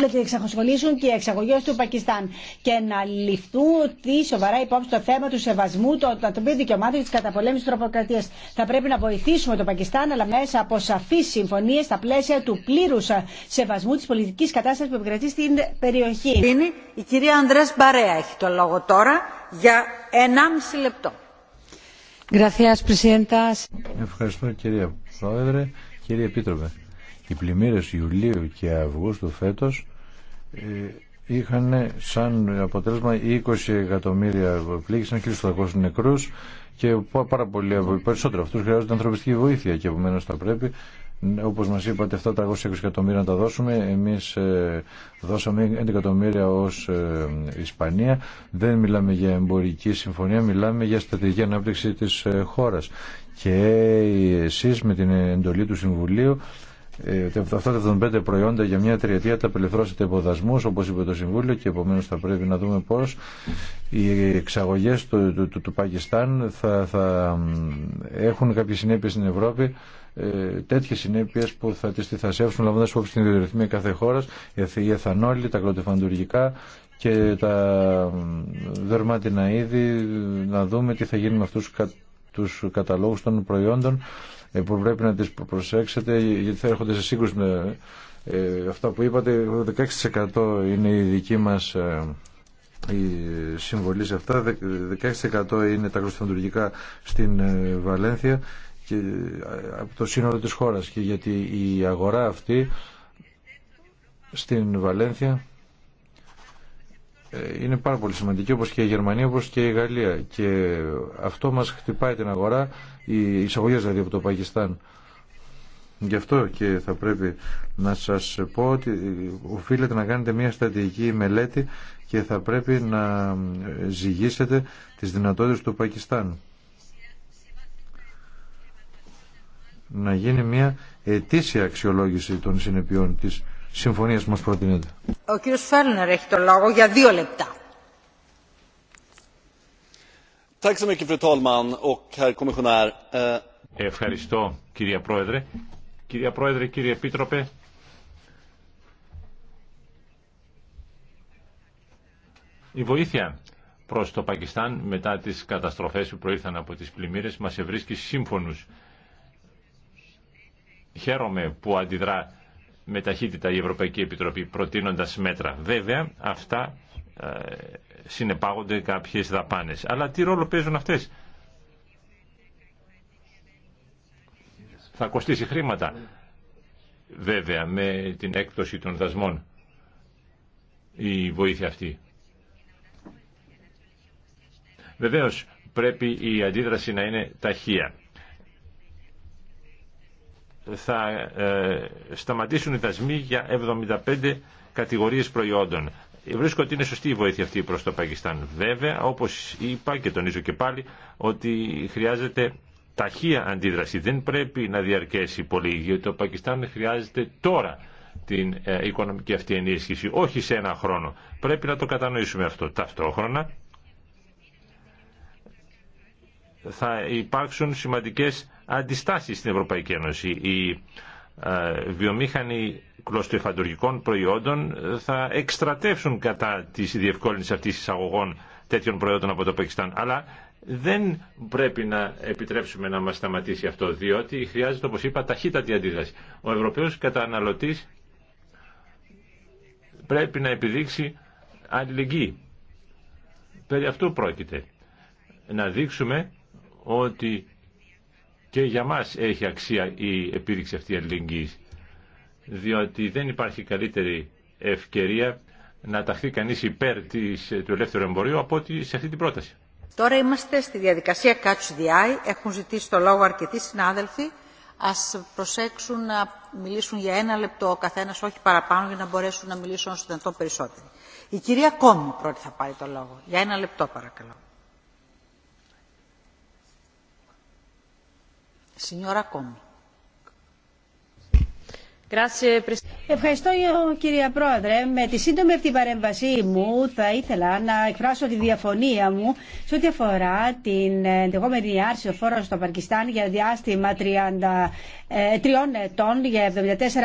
να την εξαχωσχολήσουν και οι εξαγωγέ του Πακιστάν και να ληφθούν τη σοβαρά υπόψη το θέμα του σεβασμού των ατομικών δικαιωμάτων και τη καταπολέμηση τη τροποκρατία. Θα πρέπει να βοηθήσουμε το Πακιστάν, αλλά μέσα από σαφεί συμφωνίε στα πλαίσια του πλήρου σεβασμού τη πολιτική κατάσταση που επικρατεί στην περιοχή. Η κυρία Ανδρέα Μπαρέα έχει το λόγο τώρα για 1,5 λεπτό. Ευχαριστώ κυρία Πρόεδρε, κύριε Επίτροπε. Οι πλημμύρες Ιουλίου και Αυγούστου φέτος ε, είχαν σαν αποτέλεσμα 20 εκατομμύρια πλήγησαν 1.800 νεκρούς και πάρα πολλοί, περισσότερο αυτούς χρειάζονται ανθρωπιστική βοήθεια και επομένω θα πρέπει όπως μας είπατε αυτά τα 20 εκατομμύρια να τα δώσουμε, εμείς ε, δώσαμε 11 εκατομμύρια ως ε, Ισπανία. Δεν μιλάμε για εμπορική συμφωνία, μιλάμε για στρατηγική ανάπτυξη της ε, χώρας. Και εσείς με την εντολή του Συμβουλίου αυτά τα 75 προϊόντα για μια τριετία τα απελευθρώσετε από δασμού, όπω είπε το Συμβούλιο, και επομένω θα πρέπει να δούμε πώ οι εξαγωγέ του, του, Πακιστάν θα, θα έχουν κάποιε συνέπειε στην Ευρώπη ε, Τέτοιε συνέπειε που θα τι θυσιάσουν λαμβάνοντα υπόψη την ιδιορυθμία κάθε χώρα η εθανόλη, τα κλωτεφαντουργικά και τα δερμάτινα είδη, να δούμε τι θα γίνει με αυτούς του καταλόγους των προϊόντων ε, που πρέπει να τι προσέξετε γιατί θα έρχονται σε σύγκρουση με ε, αυτά που είπατε. 16% είναι η δική μας η συμβολή σε αυτά, 16% είναι τα κλωστοφαντουργικά στην Βαλένθια ε, από το σύνολο της χώρας και γιατί η αγορά αυτή στην Βαλένθια ε, είναι πάρα πολύ σημαντική όπως και η Γερμανία όπως και η Γαλλία και αυτό μας χτυπάει την αγορά οι εισαγωγές δηλαδή από το Πακιστάν γι' αυτό και θα πρέπει να σας πω ότι οφείλετε να κάνετε μια στρατηγική μελέτη και θα πρέπει να ε, ζυγίσετε τις δυνατότητες του Πακιστάν να γίνει μια ετήσια αξιολόγηση των συνεπειών της συμφωνίας που μας προτείνεται. Ο κύριος Φέρνερ έχει το λόγο για δύο λεπτά. Eh, Ευχαριστώ κύριε Πρόεδρε. Κυρία Πρόεδρε, κύριε Επίτροπε, η βοήθεια προς το Πακιστάν μετά τις καταστροφές που προήρθαν από τις πλημμύρες μας ευρίσκει σύμφωνους Χαίρομαι που αντιδρά με ταχύτητα η Ευρωπαϊκή Επιτροπή προτείνοντας μέτρα. Βέβαια, αυτά ε, συνεπάγονται κάποιες δαπάνες. Αλλά τι ρόλο παίζουν αυτές. Θα κοστίσει χρήματα. Βέβαια, με την έκπτωση των δασμών η βοήθεια αυτή. Βεβαίως, πρέπει η αντίδραση να είναι ταχεία θα ε, σταματήσουν οι δασμοί για 75 κατηγορίες προϊόντων. Βρίσκω ότι είναι σωστή η βοήθεια αυτή προς το Πακιστάν. Βέβαια, όπως είπα και τονίζω και πάλι, ότι χρειάζεται ταχεία αντίδραση. Δεν πρέπει να διαρκέσει πολύ, γιατί το Πακιστάν χρειάζεται τώρα την ε, οικονομική αυτή ενίσχυση, όχι σε ένα χρόνο. Πρέπει να το κατανοήσουμε αυτό. Ταυτόχρονα, θα υπάρξουν σημαντικές αντιστάσεις στην Ευρωπαϊκή Ένωση. Οι ε, βιομήχανοι κλωστοεφαντουργικών προϊόντων ε, θα εκστρατεύσουν κατά της διευκόλυνσης αυτής εισαγωγών τέτοιων προϊόντων από το Πακιστάν. Αλλά δεν πρέπει να επιτρέψουμε να μας σταματήσει αυτό, διότι χρειάζεται, όπως είπα, ταχύτατη αντίδραση. Ο Ευρωπαίος καταναλωτής πρέπει να επιδείξει αλληλεγγύη. Περί αυτού πρόκειται. Να δείξουμε ότι και για μας έχει αξία η επίδειξη αυτή αλληλεγγύης διότι δεν υπάρχει καλύτερη ευκαιρία να ταχθεί κανείς υπέρ της, του ελεύθερου εμπορίου από ότι σε αυτή την πρόταση. Τώρα είμαστε στη διαδικασία Catch the Eye. Έχουν ζητήσει το λόγο αρκετοί συνάδελφοι. Ας προσέξουν να μιλήσουν για ένα λεπτό ο καθένας, όχι παραπάνω, για να μπορέσουν να μιλήσουν όσο δυνατόν περισσότεροι. Η κυρία Κόμου πρώτη θα πάρει το λόγο. Για ένα λεπτό παρακαλώ. Ευχαριστώ κυρία Πρόεδρε. Με τη σύντομη αυτή παρέμβασή μου θα ήθελα να εκφράσω τη διαφωνία μου σε ό,τι αφορά την ενδεχόμενη άρση φόρων στο Πακιστάν για διάστημα ε, τριών ετών για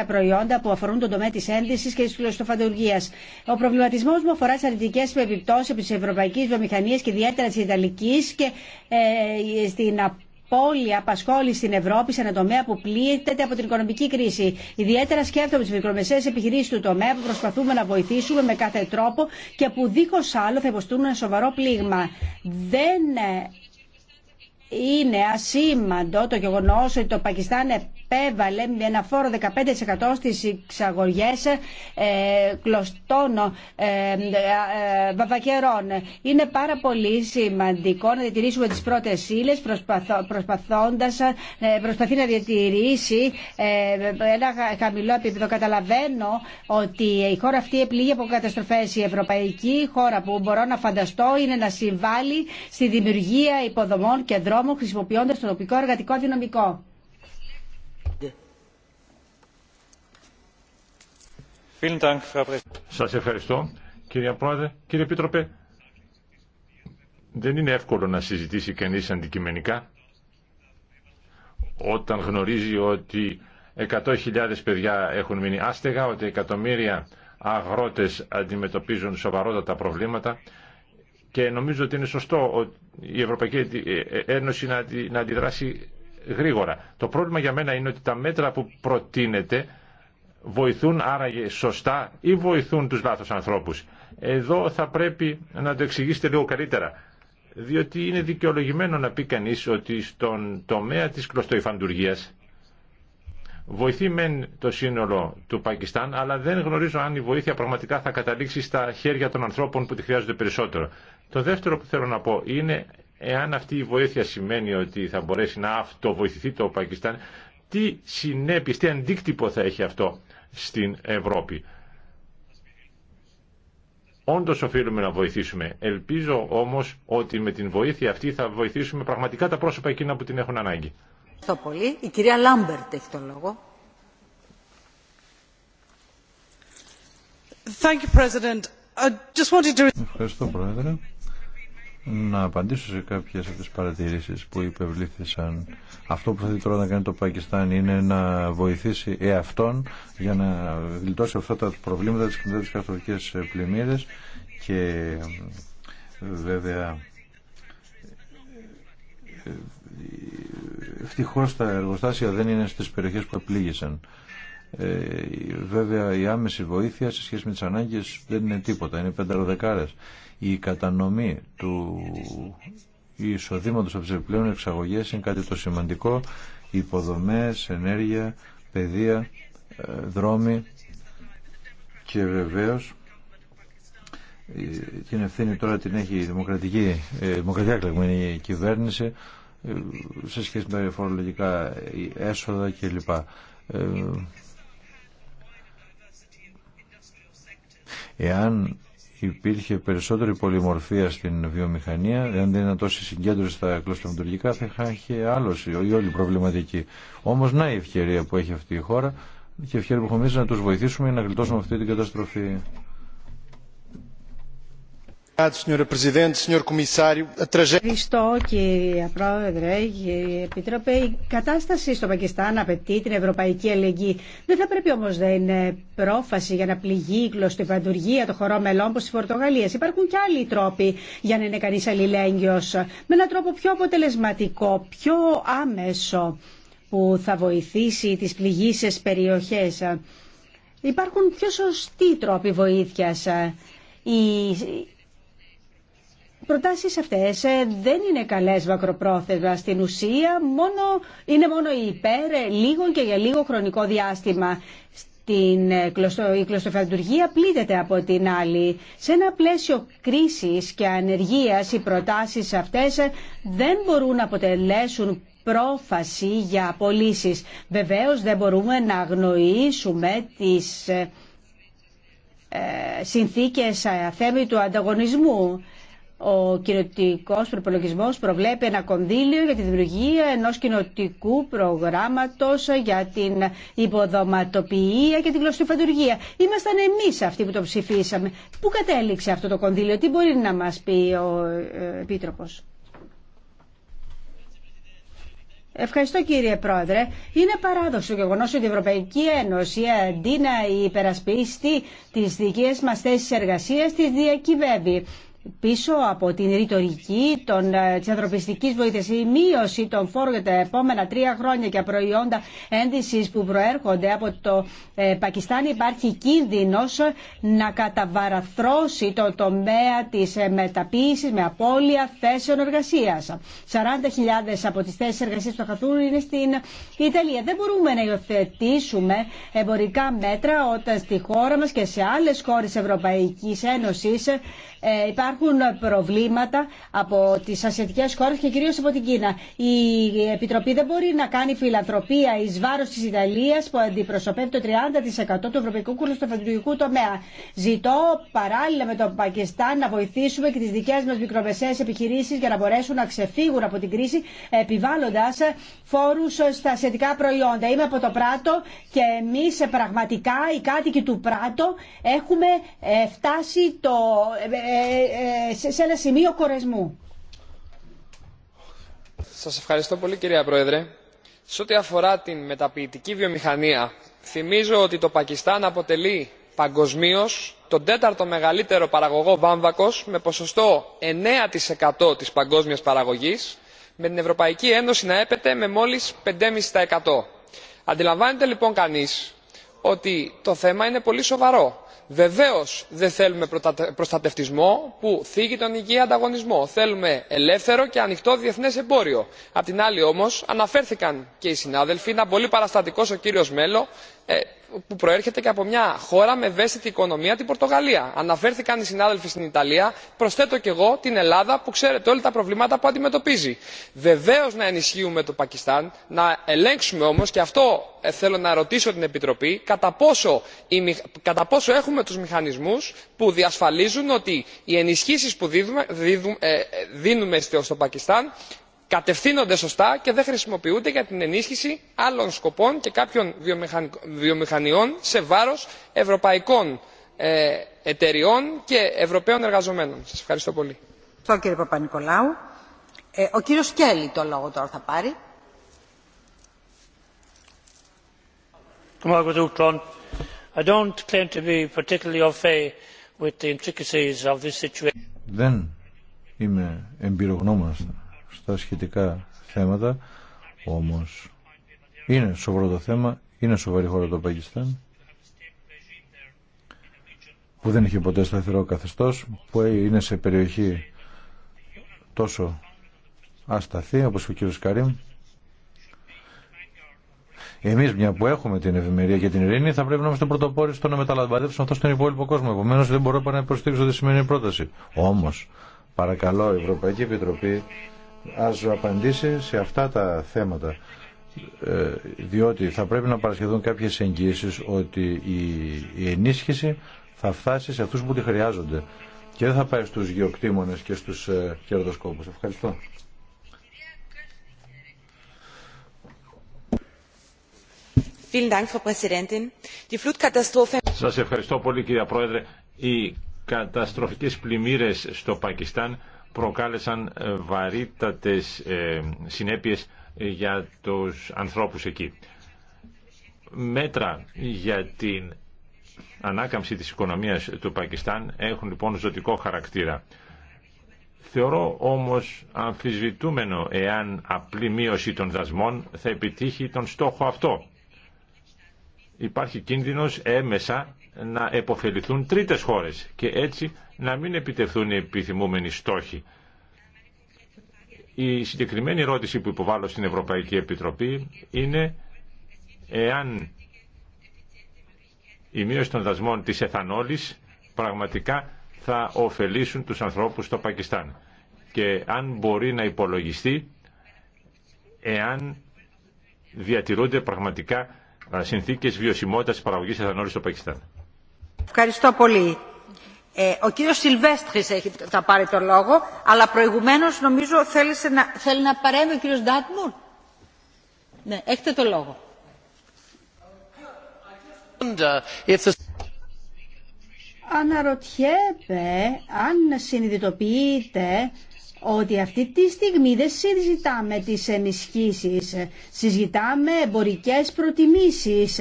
74 προϊόντα που αφορούν τον τομέα τη ένδυση και τη φιλοστοφαντουργία. Ο προβληματισμό μου αφορά τι αρνητικέ επιπτώσει τη ευρωπαϊκή βιομηχανία και ιδιαίτερα τη Ιταλική και ε, στην πόλη απασχόλη στην Ευρώπη σε ένα τομέα που πλήττεται από την οικονομική κρίση. Ιδιαίτερα σκέφτομαι τι μικρομεσαίε επιχειρήσει του τομέα που προσπαθούμε να βοηθήσουμε με κάθε τρόπο και που δίχω άλλο θα υποστούν ένα σοβαρό πλήγμα. Δεν είναι ασήμαντο το γεγονό ότι το Πακιστάν επέβαλε με ένα φόρο 15% στις εξαγωγές ε, κλωστών ε, ε, βαβακερών. Είναι πάρα πολύ σημαντικό να διατηρήσουμε τις πρώτες ύλες προσπαθώντας, προσπαθεί να διατηρήσει ένα χαμηλό επίπεδο. Καταλαβαίνω ότι η χώρα αυτή επλήγει από καταστροφές. Η ευρωπαϊκή χώρα που μπορώ να φανταστώ είναι να συμβάλλει στη δημιουργία υποδομών και δρόμων χρησιμοποιώντας το τοπικό εργατικό δυναμικό. Σας ευχαριστώ κύριε Πρόεδρε. Κύριε Επίτροπε, δεν είναι εύκολο να συζητήσει κανείς αντικειμενικά όταν γνωρίζει ότι 100.000 παιδιά έχουν μείνει άστεγα, ότι εκατομμύρια αγρότες αντιμετωπίζουν σοβαρότατα προβλήματα και νομίζω ότι είναι σωστό ότι η Ευρωπαϊκή Ένωση να αντιδράσει γρήγορα. Το πρόβλημα για μένα είναι ότι τα μέτρα που προτείνεται βοηθούν άραγε σωστά ή βοηθούν τους λάθος ανθρώπους. Εδώ θα πρέπει να το εξηγήσετε λίγο καλύτερα. Διότι είναι δικαιολογημένο να πει κανεί ότι στον τομέα της κλωστοϊφαντουργίας βοηθεί μεν το σύνολο του Πακιστάν, αλλά δεν γνωρίζω αν η βοήθεια πραγματικά θα καταλήξει στα χέρια των ανθρώπων που τη χρειάζονται περισσότερο. Το δεύτερο που θέλω να πω είναι εάν αυτή η βοήθεια σημαίνει ότι θα μπορέσει να αυτοβοηθηθεί το Πακιστάν, τι συνέπειε, τι αντίκτυπο θα έχει αυτό στην Ευρώπη. Όντως οφείλουμε να βοηθήσουμε. Ελπίζω όμως ότι με την βοήθεια αυτή θα βοηθήσουμε πραγματικά τα πρόσωπα εκείνα που την έχουν ανάγκη. Ευχαριστώ πολύ. Η κυρία Λάμπερτ έχει τον λόγο. Ευχαριστώ, Πρόεδρε να απαντήσω σε κάποιες από τις παρατηρήσεις που υπευλήθησαν. Αυτό που θα τώρα να κάνει το Πακιστάν είναι να βοηθήσει εαυτόν για να γλιτώσει αυτά τα προβλήματα της κοινωνικής καθολικής πλημμύρες και βέβαια ευτυχώ τα εργοστάσια δεν είναι στις περιοχές που επλήγησαν. Ε, βέβαια η άμεση βοήθεια σε σχέση με τις ανάγκες δεν είναι τίποτα, είναι πενταροδεκάρες η κατανομή του εισοδήματος από τις επιπλέον εξαγωγές είναι κάτι το σημαντικό υποδομές, ενέργεια, παιδεία, ε, δρόμοι και βεβαίως ε, την ευθύνη τώρα την έχει η δημοκρατική, ε, δημοκρατία κλεγμένη κυβέρνηση σε σχέση με φορολογικά έσοδα κλπ. Εάν υπήρχε περισσότερη πολυμορφία στην βιομηχανία, αν δεν ήταν τόση συγκέντρωση στα κλωστοματουργικά θα είχε άλλωση, η όλη προβληματική. Όμως να η ευκαιρία που έχει αυτή η χώρα και ευκαιρία που έχουμε εμεί να τους βοηθήσουμε να γλιτώσουμε αυτή την καταστροφή. Ευχαριστώ κύριε Πρόεδρε. Κύριε Επίτροπε, η κατάσταση στο Πακιστάν απαιτεί την ευρωπαϊκή αλληλεγγύη. Δεν θα πρέπει όμω να είναι πρόφαση για να πληγεί η παντουργία των χωρών μελών όπω τη Πορτογαλία. Υπάρχουν και άλλοι τρόποι για να είναι κανεί αλληλέγγυος με έναν τρόπο πιο αποτελεσματικό, πιο άμεσο που θα βοηθήσει τις πληγήσεις περιοχές. Υπάρχουν πιο σωστοί τρόποι βοήθειας προτάσεις αυτές ε, δεν είναι καλές μακροπρόθεσμα. Στην ουσία μόνο, είναι μόνο υπέρ ε, λίγων και για λίγο χρονικό διάστημα την, ε, η κλωστοφαντουργία πλήττεται από την άλλη. Σε ένα πλαίσιο κρίσης και ανεργίας οι προτάσεις αυτές δεν μπορούν να αποτελέσουν πρόφαση για απολύσει. Βεβαίως δεν μπορούμε να αγνοήσουμε τις ε, συνθήκες αθέμη του ανταγωνισμού. Ο κοινοτικό προπολογισμό προβλέπει ένα κονδύλιο για τη δημιουργία ενό κοινοτικού προγράμματο για την υποδοματοποιία και την γλωσσοφαντουργία. Ήμασταν εμεί αυτοί που το ψηφίσαμε. Πού κατέληξε αυτό το κονδύλιο, τι μπορεί να μα πει ο ε, Επίτροπο. Ευχαριστώ κύριε Πρόεδρε. Είναι παράδοξο γεγονό ότι η Ευρωπαϊκή Ένωση αντί να υπερασπιστεί τι δικέ μα θέσει εργασία, τι διακυβεύει πίσω από την ρητορική των, ε, της ανθρωπιστικής βοήθειας η μείωση των φόρων για τα επόμενα τρία χρόνια και προϊόντα ένδυσης που προέρχονται από το ε, Πακιστάν υπάρχει κίνδυνος να καταβαραθρώσει το τομέα της ε, μεταποίησης με απώλεια θέσεων εργασίας. 40.000 από τις θέσεις εργασίας που θα είναι στην Ιταλία. Δεν μπορούμε να υιοθετήσουμε εμπορικά μέτρα όταν στη χώρα μας και σε άλλες χώρες Ευρωπαϊκής Ένωσης ε, υπάρχουν προβλήματα από τις ασιατικές χώρες και κυρίως από την Κίνα. Η Επιτροπή δεν μπορεί να κάνει φιλανθρωπία εις βάρος της Ιταλίας που αντιπροσωπεύει το 30% του ευρωπαϊκού κουρστοφεντουργικού τομέα. Ζητώ παράλληλα με το Πακιστάν να βοηθήσουμε και τις δικές μας μικρομεσαίες επιχειρήσεις για να μπορέσουν να ξεφύγουν από την κρίση επιβάλλοντας φόρους στα ασιατικά προϊόντα. Είμαι από το Πράτο και εμείς ε, πραγματικά οι κάτοικοι του Πράτο έχουμε ε, φτάσει το ε, ε, σε ένα σημείο κορεσμού. Σας ευχαριστώ πολύ κυρία Πρόεδρε. Σε ό,τι αφορά την μεταποιητική βιομηχανία, θυμίζω ότι το Πακιστάν αποτελεί παγκοσμίω τον τέταρτο μεγαλύτερο παραγωγό βάμβακος με ποσοστό 9% της παγκόσμιας παραγωγής, με την Ευρωπαϊκή Ένωση να έπεται με μόλις 5,5%. Αντιλαμβάνεται λοιπόν κανείς ότι το θέμα είναι πολύ σοβαρό Βεβαίω δεν θέλουμε προστατευτισμό που θίγει τον υγιή ανταγωνισμό. Θέλουμε ελεύθερο και ανοιχτό διεθνέ εμπόριο. Απ' την άλλη όμω αναφέρθηκαν και οι συνάδελφοι, ένα πολύ παραστατικό ο κύριο Μέλο, ε, που προέρχεται και από μια χώρα με ευαίσθητη οικονομία την πορτογαλία. αναφέρθηκαν οι συνάδελφοι στην ιταλία προσθέτω και εγώ την ελλάδα που ξέρετε όλοι τα προβλήματα που αντιμετωπίζει. βεβαίω να ενισχύουμε το πακιστάν να ελέγξουμε όμω και αυτό ε, θέλω να ρωτήσω την επιτροπή κατά πόσο έχουμε του μηχανισμού που διασφαλίζουν ότι οι ενισχύσει που ε, ε, δίνουμε στο πακιστάν κατευθύνονται σωστά και δεν χρησιμοποιούνται για την ενίσχυση άλλων σκοπών και κάποιων βιομηχανιών σε βάρος ευρωπαϊκών ε, εταιριών και ευρωπαίων εργαζομένων. Σας ευχαριστώ πολύ. Ευχαριστώ ε, ο κύριος το λόγο τώρα θα πάρει. Δεν είμαι εμπειρογνώμονα τα σχετικά θέματα, όμως είναι σοβαρό το θέμα, είναι σοβαρή χώρα το Πακιστάν, που δεν έχει ποτέ σταθερό καθεστώς, που είναι σε περιοχή τόσο ασταθή, όπως ο κύριος Καρύμ. Εμείς μια που έχουμε την ευημερία και την ειρήνη θα πρέπει να είμαστε πρωτοπόροι στο να μεταλαμπαδεύσουμε αυτό στον υπόλοιπο κόσμο. Επομένως δεν μπορώ παρά να υποστήριξω τη σημερινή πρόταση. Όμως παρακαλώ η Ευρωπαϊκή Επιτροπή ας απαντήσει σε αυτά τα θέματα ε, διότι θα πρέπει να παρασχεθούν κάποιες εγγύσεις ότι η ενίσχυση θα φτάσει σε αυτούς που τη χρειάζονται και δεν θα πάει στους γεωκτήμονες και στους ε, κερδοσκόπους. Ευχαριστώ. Σας ευχαριστώ πολύ κύριε Πρόεδρε. Οι καταστροφικές πλημμύρες στο Πακιστάν προκάλεσαν ε, βαρύτατες ε, συνέπειες ε, για τους ανθρώπους εκεί. Μέτρα για την ανάκαμψη της οικονομίας του Πακιστάν έχουν λοιπόν ζωτικό χαρακτήρα. Θεωρώ όμως αμφισβητούμενο εάν απλή μείωση των δασμών θα επιτύχει τον στόχο αυτό. Υπάρχει κίνδυνος έμεσα να επωφεληθούν τρίτες χώρες και έτσι να μην επιτευθούν οι επιθυμούμενοι στόχοι. Η συγκεκριμένη ερώτηση που υποβάλλω στην Ευρωπαϊκή Επιτροπή είναι εάν η μείωση των δασμών της εθανόλης πραγματικά θα ωφελήσουν τους ανθρώπους στο Πακιστάν και αν μπορεί να υπολογιστεί εάν διατηρούνται πραγματικά συνθήκες βιωσιμότητας της παραγωγής εθανόλης στο Πακιστάν. Ευχαριστώ πολύ. Ε, ο κύριος Σιλβέστρης έχει, θα πάρει το λόγο, αλλά προηγουμένως νομίζω να, θέλει να παρέμβει ο κύριος Ντάτμουρ. Ναι, έχετε το λόγο. Αναρωτιέμαι αν συνειδητοποιείτε ότι αυτή τη στιγμή δεν συζητάμε τις ενισχύσεις, συζητάμε εμπορικές προτιμήσεις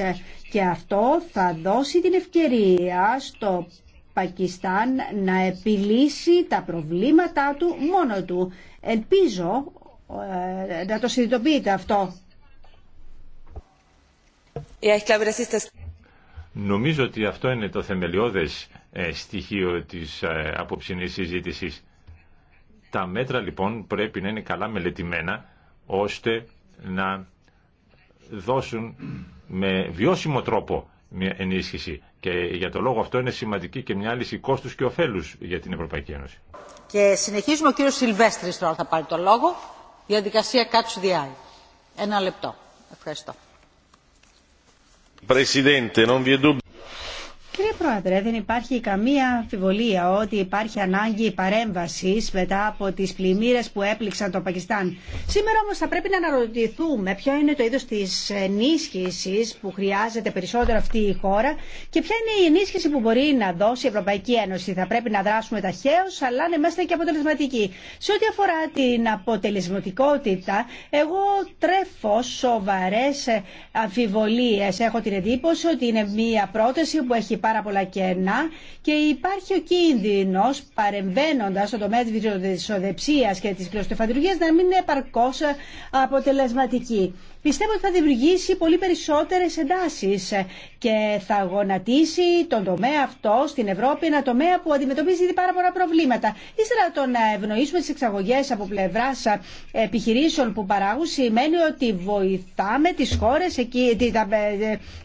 και αυτό θα δώσει την ευκαιρία στο Πακιστάν να επιλύσει τα προβλήματά του μόνο του. Ελπίζω ε, να το συνειδητοποιείτε αυτό. Ε, Νομίζω ότι αυτό είναι το θεμελιώδες ε, στοιχείο της ε, απόψινής συζήτησης τα μέτρα λοιπόν πρέπει να είναι καλά μελετημένα ώστε να δώσουν με βιώσιμο τρόπο μια ενίσχυση. Και για το λόγο αυτό είναι σημαντική και μια λύση κόστους και ωφέλους για την Ευρωπαϊκή Ένωση. Και συνεχίζουμε ο κύριος Σιλβέστρης τώρα θα πάρει το λόγο. Διαδικασία κάτσου διάρρη. Ένα λεπτό. Ευχαριστώ. Presidente, non vi è dubbio. Πρόεδρε, δεν υπάρχει καμία αμφιβολία ότι υπάρχει ανάγκη παρέμβαση μετά από τι πλημμύρε που έπληξαν το Πακιστάν. Σήμερα όμω θα πρέπει να αναρωτηθούμε ποιο είναι το είδο τη ενίσχυση που χρειάζεται περισσότερο αυτή η χώρα και ποια είναι η ενίσχυση που μπορεί να δώσει η Ευρωπαϊκή Ένωση. Θα πρέπει να δράσουμε ταχαίω, αλλά να είμαστε και αποτελεσματικοί. Σε ό,τι αφορά την αποτελεσματικότητα, εγώ τρέφω σοβαρέ αμφιβολίε. Έχω την εντύπωση ότι είναι μια πρόταση που έχει πάρα πολλά και υπάρχει ο κίνδυνο παρεμβαίνοντα στον τομέα τη βιωσιοδεψία και τη κλωστοφαντουργία να μην είναι επαρκώ αποτελεσματική. Πιστεύω ότι θα δημιουργήσει πολύ περισσότερε εντάσει και θα γονατίσει τον τομέα αυτό στην Ευρώπη, ένα τομέα που αντιμετωπίζει πάρα πολλά προβλήματα. Ύστερα το να ευνοήσουμε τι εξαγωγέ από πλευρά επιχειρήσεων που παράγουν σημαίνει ότι βοηθάμε τι χώρε, τα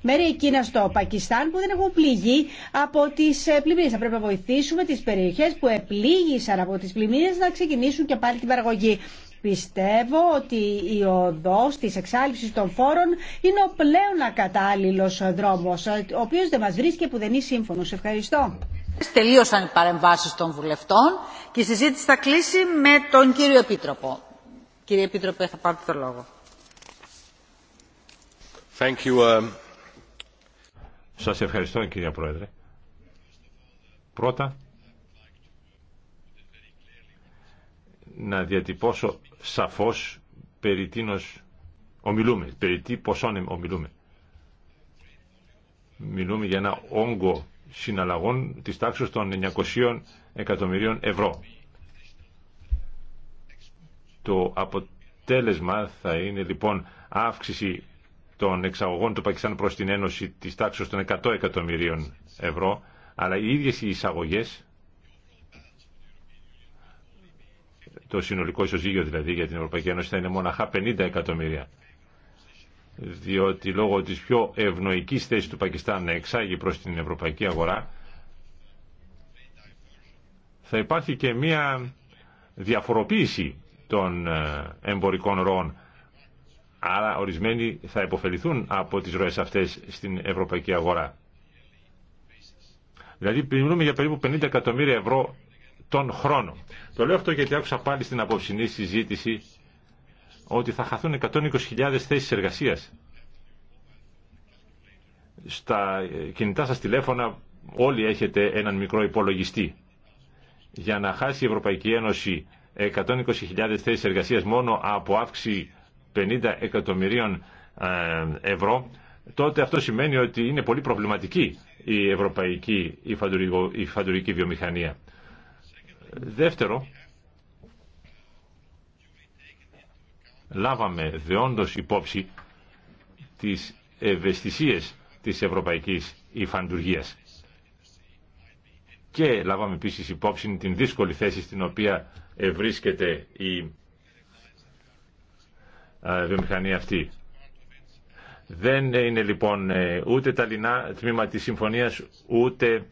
μέρη εκείνα στο Πακιστάν που δεν έχουν πληγεί από τις ε, πλημμύρες. Θα πρέπει να βοηθήσουμε τις περιοχές που επλήγησαν από τις πλημμύρες να ξεκινήσουν και πάλι την παραγωγή. Πιστεύω ότι η οδό τη εξάλληψη των φόρων είναι ο πλέον ακατάλληλος δρόμο, ε, ο οποίος δεν μας βρίσκει που δεν είναι σύμφωνο. Ευχαριστώ. Τελείωσαν οι παρεμβάσει των βουλευτών και η συζήτηση θα κλείσει με τον κύριο Επίτροπο. Κύριε Επίτροπε, θα πάρετε το λόγο. Thank you. Um, σας ευχαριστώ κύριε Πρόεδρε. Πρώτα, να διατυπώσω σαφώς περί ομιλούμε, περί τι ποσόν ομιλούμε. Μιλούμε για ένα όγκο συναλλαγών της τάξης των 900 εκατομμυρίων ευρώ. Το αποτέλεσμα θα είναι λοιπόν αύξηση των εξαγωγών του Πακιστάν προς την Ένωση της τάξης των 100 εκατομμυρίων ευρώ, αλλά οι ίδιες οι εισαγωγές, το συνολικό ισοζύγιο δηλαδή για την Ευρωπαϊκή Ένωση θα είναι μοναχά 50 εκατομμύρια. Διότι λόγω της πιο ευνοϊκής θέσης του Πακιστάν να εξάγει προς την ευρωπαϊκή αγορά, θα υπάρχει και μία διαφοροποίηση των ε, εμπορικών ροών Άρα ορισμένοι θα υποφεληθούν από τις ροές αυτές στην ευρωπαϊκή αγορά. Δηλαδή μιλούμε για περίπου 50 εκατομμύρια ευρώ τον χρόνο. Το λέω αυτό γιατί άκουσα πάλι στην απόψινή συζήτηση ότι θα χαθούν 120.000 θέσεις εργασίας. Στα κινητά σας τηλέφωνα όλοι έχετε έναν μικρό υπολογιστή. Για να χάσει η Ευρωπαϊκή Ένωση 120.000 θέσεις εργασίας μόνο από αύξηση 50 εκατομμυρίων ε, ευρώ, τότε αυτό σημαίνει ότι είναι πολύ προβληματική η ευρωπαϊκή η βιομηχανία. Δεύτερο, λάβαμε δεόντως υπόψη τις ευαισθησίες της ευρωπαϊκής υφαντουργίας. Και λάβαμε επίσης υπόψη την δύσκολη θέση στην οποία βρίσκεται η ε, βιομηχανία αυτή. Δεν είναι λοιπόν ε, ούτε τα λινά τμήμα της συμφωνίας, ούτε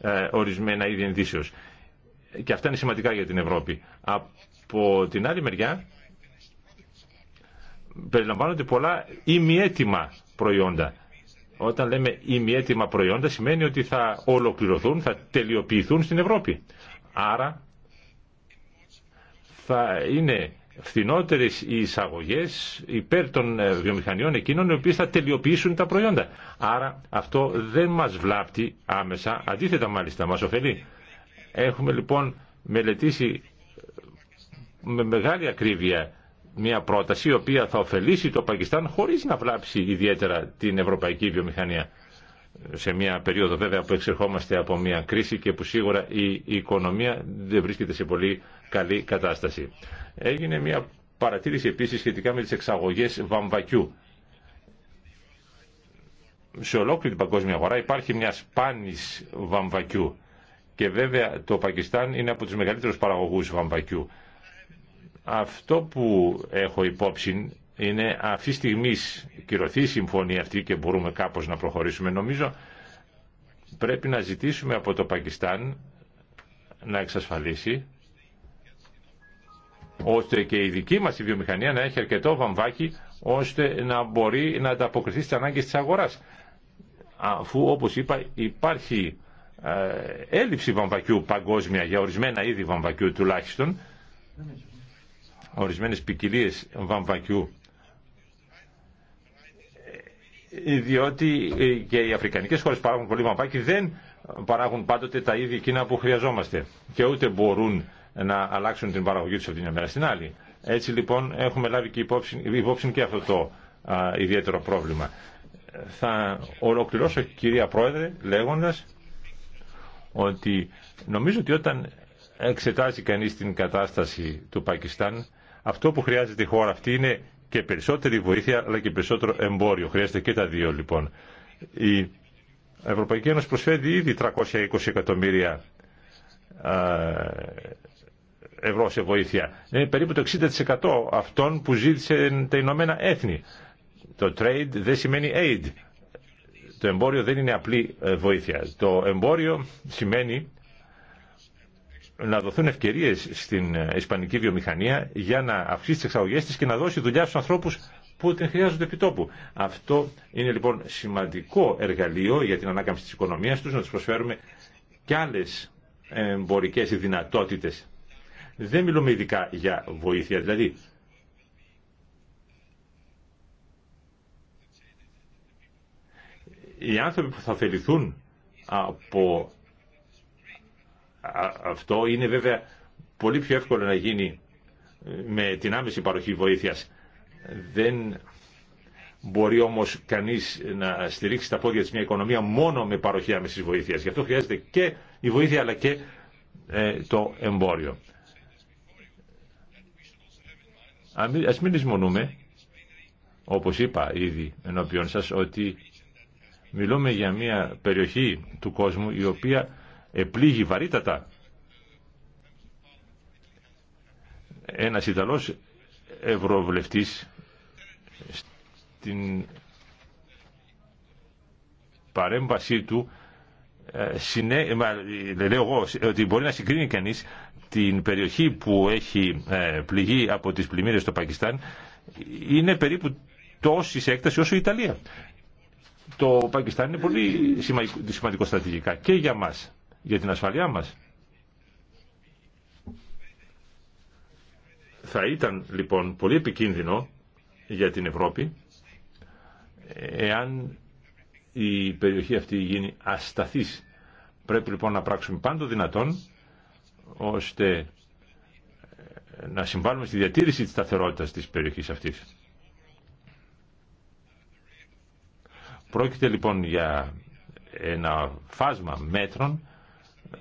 ε, ορισμένα είδη ενδύσεως. Και αυτά είναι σημαντικά για την Ευρώπη. Από την άλλη μεριά, περιλαμβάνονται πολλά ημιέτοιμα προϊόντα. Όταν λέμε ημιέτοιμα προϊόντα, σημαίνει ότι θα ολοκληρωθούν, θα τελειοποιηθούν στην Ευρώπη. Άρα, θα είναι Φθηνότερε οι εισαγωγέ υπέρ των ε, βιομηχανιών εκείνων οι οποίε θα τελειοποιήσουν τα προϊόντα. Άρα αυτό δεν μα βλάπτει άμεσα, αντίθετα μάλιστα μα ωφελεί. Έχουμε λοιπόν μελετήσει ε, με μεγάλη ακρίβεια μια πρόταση η οποία θα ωφελήσει το Πακιστάν χωρίς να βλάψει ιδιαίτερα την ευρωπαϊκή βιομηχανία. Σε μια περίοδο βέβαια που εξερχόμαστε από μια κρίση και που σίγουρα η οικονομία δεν βρίσκεται σε πολύ καλή κατάσταση. Έγινε μια παρατήρηση επίσης σχετικά με τις εξαγωγές βαμβακιού. Σε ολόκληρη την παγκόσμια αγορά υπάρχει μια σπάνης βαμβακιού και βέβαια το Πακιστάν είναι από τους μεγαλύτερους παραγωγούς βαμβακιού. Αυτό που έχω υπόψη είναι αυτή τη στιγμή κυρωθεί η συμφωνία αυτή και μπορούμε κάπως να προχωρήσουμε. Νομίζω πρέπει να ζητήσουμε από το Πακιστάν να εξασφαλίσει ώστε και η δική μας η βιομηχανία να έχει αρκετό βαμβάκι ώστε να μπορεί να ανταποκριθεί στις ανάγκες της αγοράς. Αφού όπως είπα υπάρχει ε, έλλειψη βαμβακιού παγκόσμια για ορισμένα είδη βαμβακιού τουλάχιστον ορισμένες ποικιλίε βαμβακιού ε, διότι ε, και οι αφρικανικές χώρες παράγουν πολύ βαμβάκι δεν παράγουν πάντοτε τα είδη εκείνα που χρειαζόμαστε και ούτε μπορούν να αλλάξουν την παραγωγή τους από την μια μέρα στην άλλη. Έτσι λοιπόν έχουμε λάβει και υπόψη, υπόψη και αυτό το ιδιαίτερο πρόβλημα. Θα ολοκληρώσω κυρία Πρόεδρε λέγοντας ότι νομίζω ότι όταν εξετάζει κανείς την κατάσταση του Πακιστάν αυτό που χρειάζεται η χώρα αυτή είναι και περισσότερη βοήθεια αλλά και περισσότερο εμπόριο. Χρειάζεται και τα δύο λοιπόν. Η Ευρωπαϊκή Ένωση προσφέρει ήδη 320 εκατομμύρια ευρώ σε βοήθεια. Είναι περίπου το 60% αυτών που ζήτησε τα Ηνωμένα Έθνη. Το trade δεν σημαίνει aid. Το εμπόριο δεν είναι απλή ε, βοήθεια. Το εμπόριο σημαίνει να δοθούν ευκαιρίες στην ε, ισπανική βιομηχανία για να αυξήσει τις εξαγωγές της και να δώσει δουλειά στους ανθρώπους που την χρειάζονται επιτόπου. Αυτό είναι λοιπόν σημαντικό εργαλείο για την ανάκαμψη της οικονομίας τους, να τους προσφέρουμε και άλλες εμπορικές δυνατότητες δεν μιλούμε ειδικά για βοήθεια. Δηλαδή, οι άνθρωποι που θα ωφεληθούν από αυτό είναι βέβαια πολύ πιο εύκολο να γίνει με την άμεση παροχή βοήθειας. Δεν μπορεί όμως κανείς να στηρίξει τα πόδια της μια οικονομία μόνο με παροχή άμεσης βοήθειας. Γι' αυτό χρειάζεται και η βοήθεια αλλά και ε, το εμπόριο. Ας μην λησμονούμε, όπως είπα ήδη ενώπιον σας, ότι μιλούμε για μια περιοχή του κόσμου η οποία επλήγει βαρύτατα. Ένας Ιταλός ευρωβουλευτής στην παρέμβασή του ε, συνέ... Ε, ε, λέω εγώ ότι μπορεί να συγκρίνει κανείς την περιοχή που έχει πληγεί από τις πλημμύρες στο Πακιστάν είναι περίπου τόση σε έκταση όσο η Ιταλία. Το Πακιστάν είναι πολύ σημαντικό στρατηγικά και για μας, για την ασφαλειά μας. Θα ήταν λοιπόν πολύ επικίνδυνο για την Ευρώπη εάν η περιοχή αυτή γίνει ασταθής. Πρέπει λοιπόν να πράξουμε πάντο δυνατόν ώστε ε, να συμβάλλουμε στη διατήρηση της σταθερότητας της περιοχής αυτής. Πρόκειται λοιπόν για ένα φάσμα μέτρων.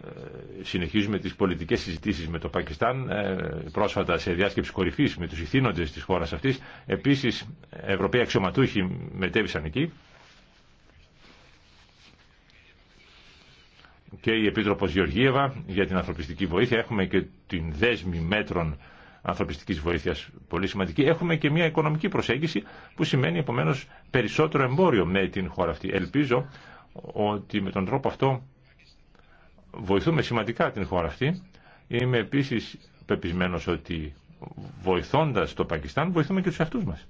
Ε, συνεχίζουμε τις πολιτικές συζητήσεις με το Πακιστάν, ε, πρόσφατα σε διάσκεψη κορυφής με τους ηθήνοντες της χώρας αυτής. Επίσης, Ευρωπαίοι αξιωματούχοι μετέβησαν εκεί. και η Επίτροπος Γεωργίευα για την ανθρωπιστική βοήθεια. Έχουμε και την δέσμη μέτρων ανθρωπιστικής βοήθειας πολύ σημαντική. Έχουμε και μια οικονομική προσέγγιση που σημαίνει επομένως περισσότερο εμπόριο με την χώρα αυτή. Ελπίζω ότι με τον τρόπο αυτό βοηθούμε σημαντικά την χώρα αυτή. Είμαι επίσης πεπισμένος ότι βοηθώντας το Πακιστάν βοηθούμε και τους αυτούς μας.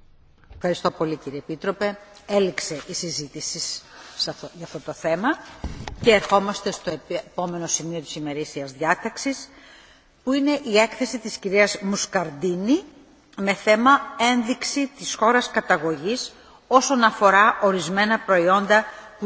Ευχαριστώ πολύ κύριε Επίτροπε. Έληξε η συζήτηση για αυτό το θέμα και ερχόμαστε στο επόμενο σημείο της ημερήσιας διάταξης που είναι η έκθεση της κυρίας Μουσκαρντίνη με θέμα ένδειξη της χώρας καταγωγής όσον αφορά ορισμένα προϊόντα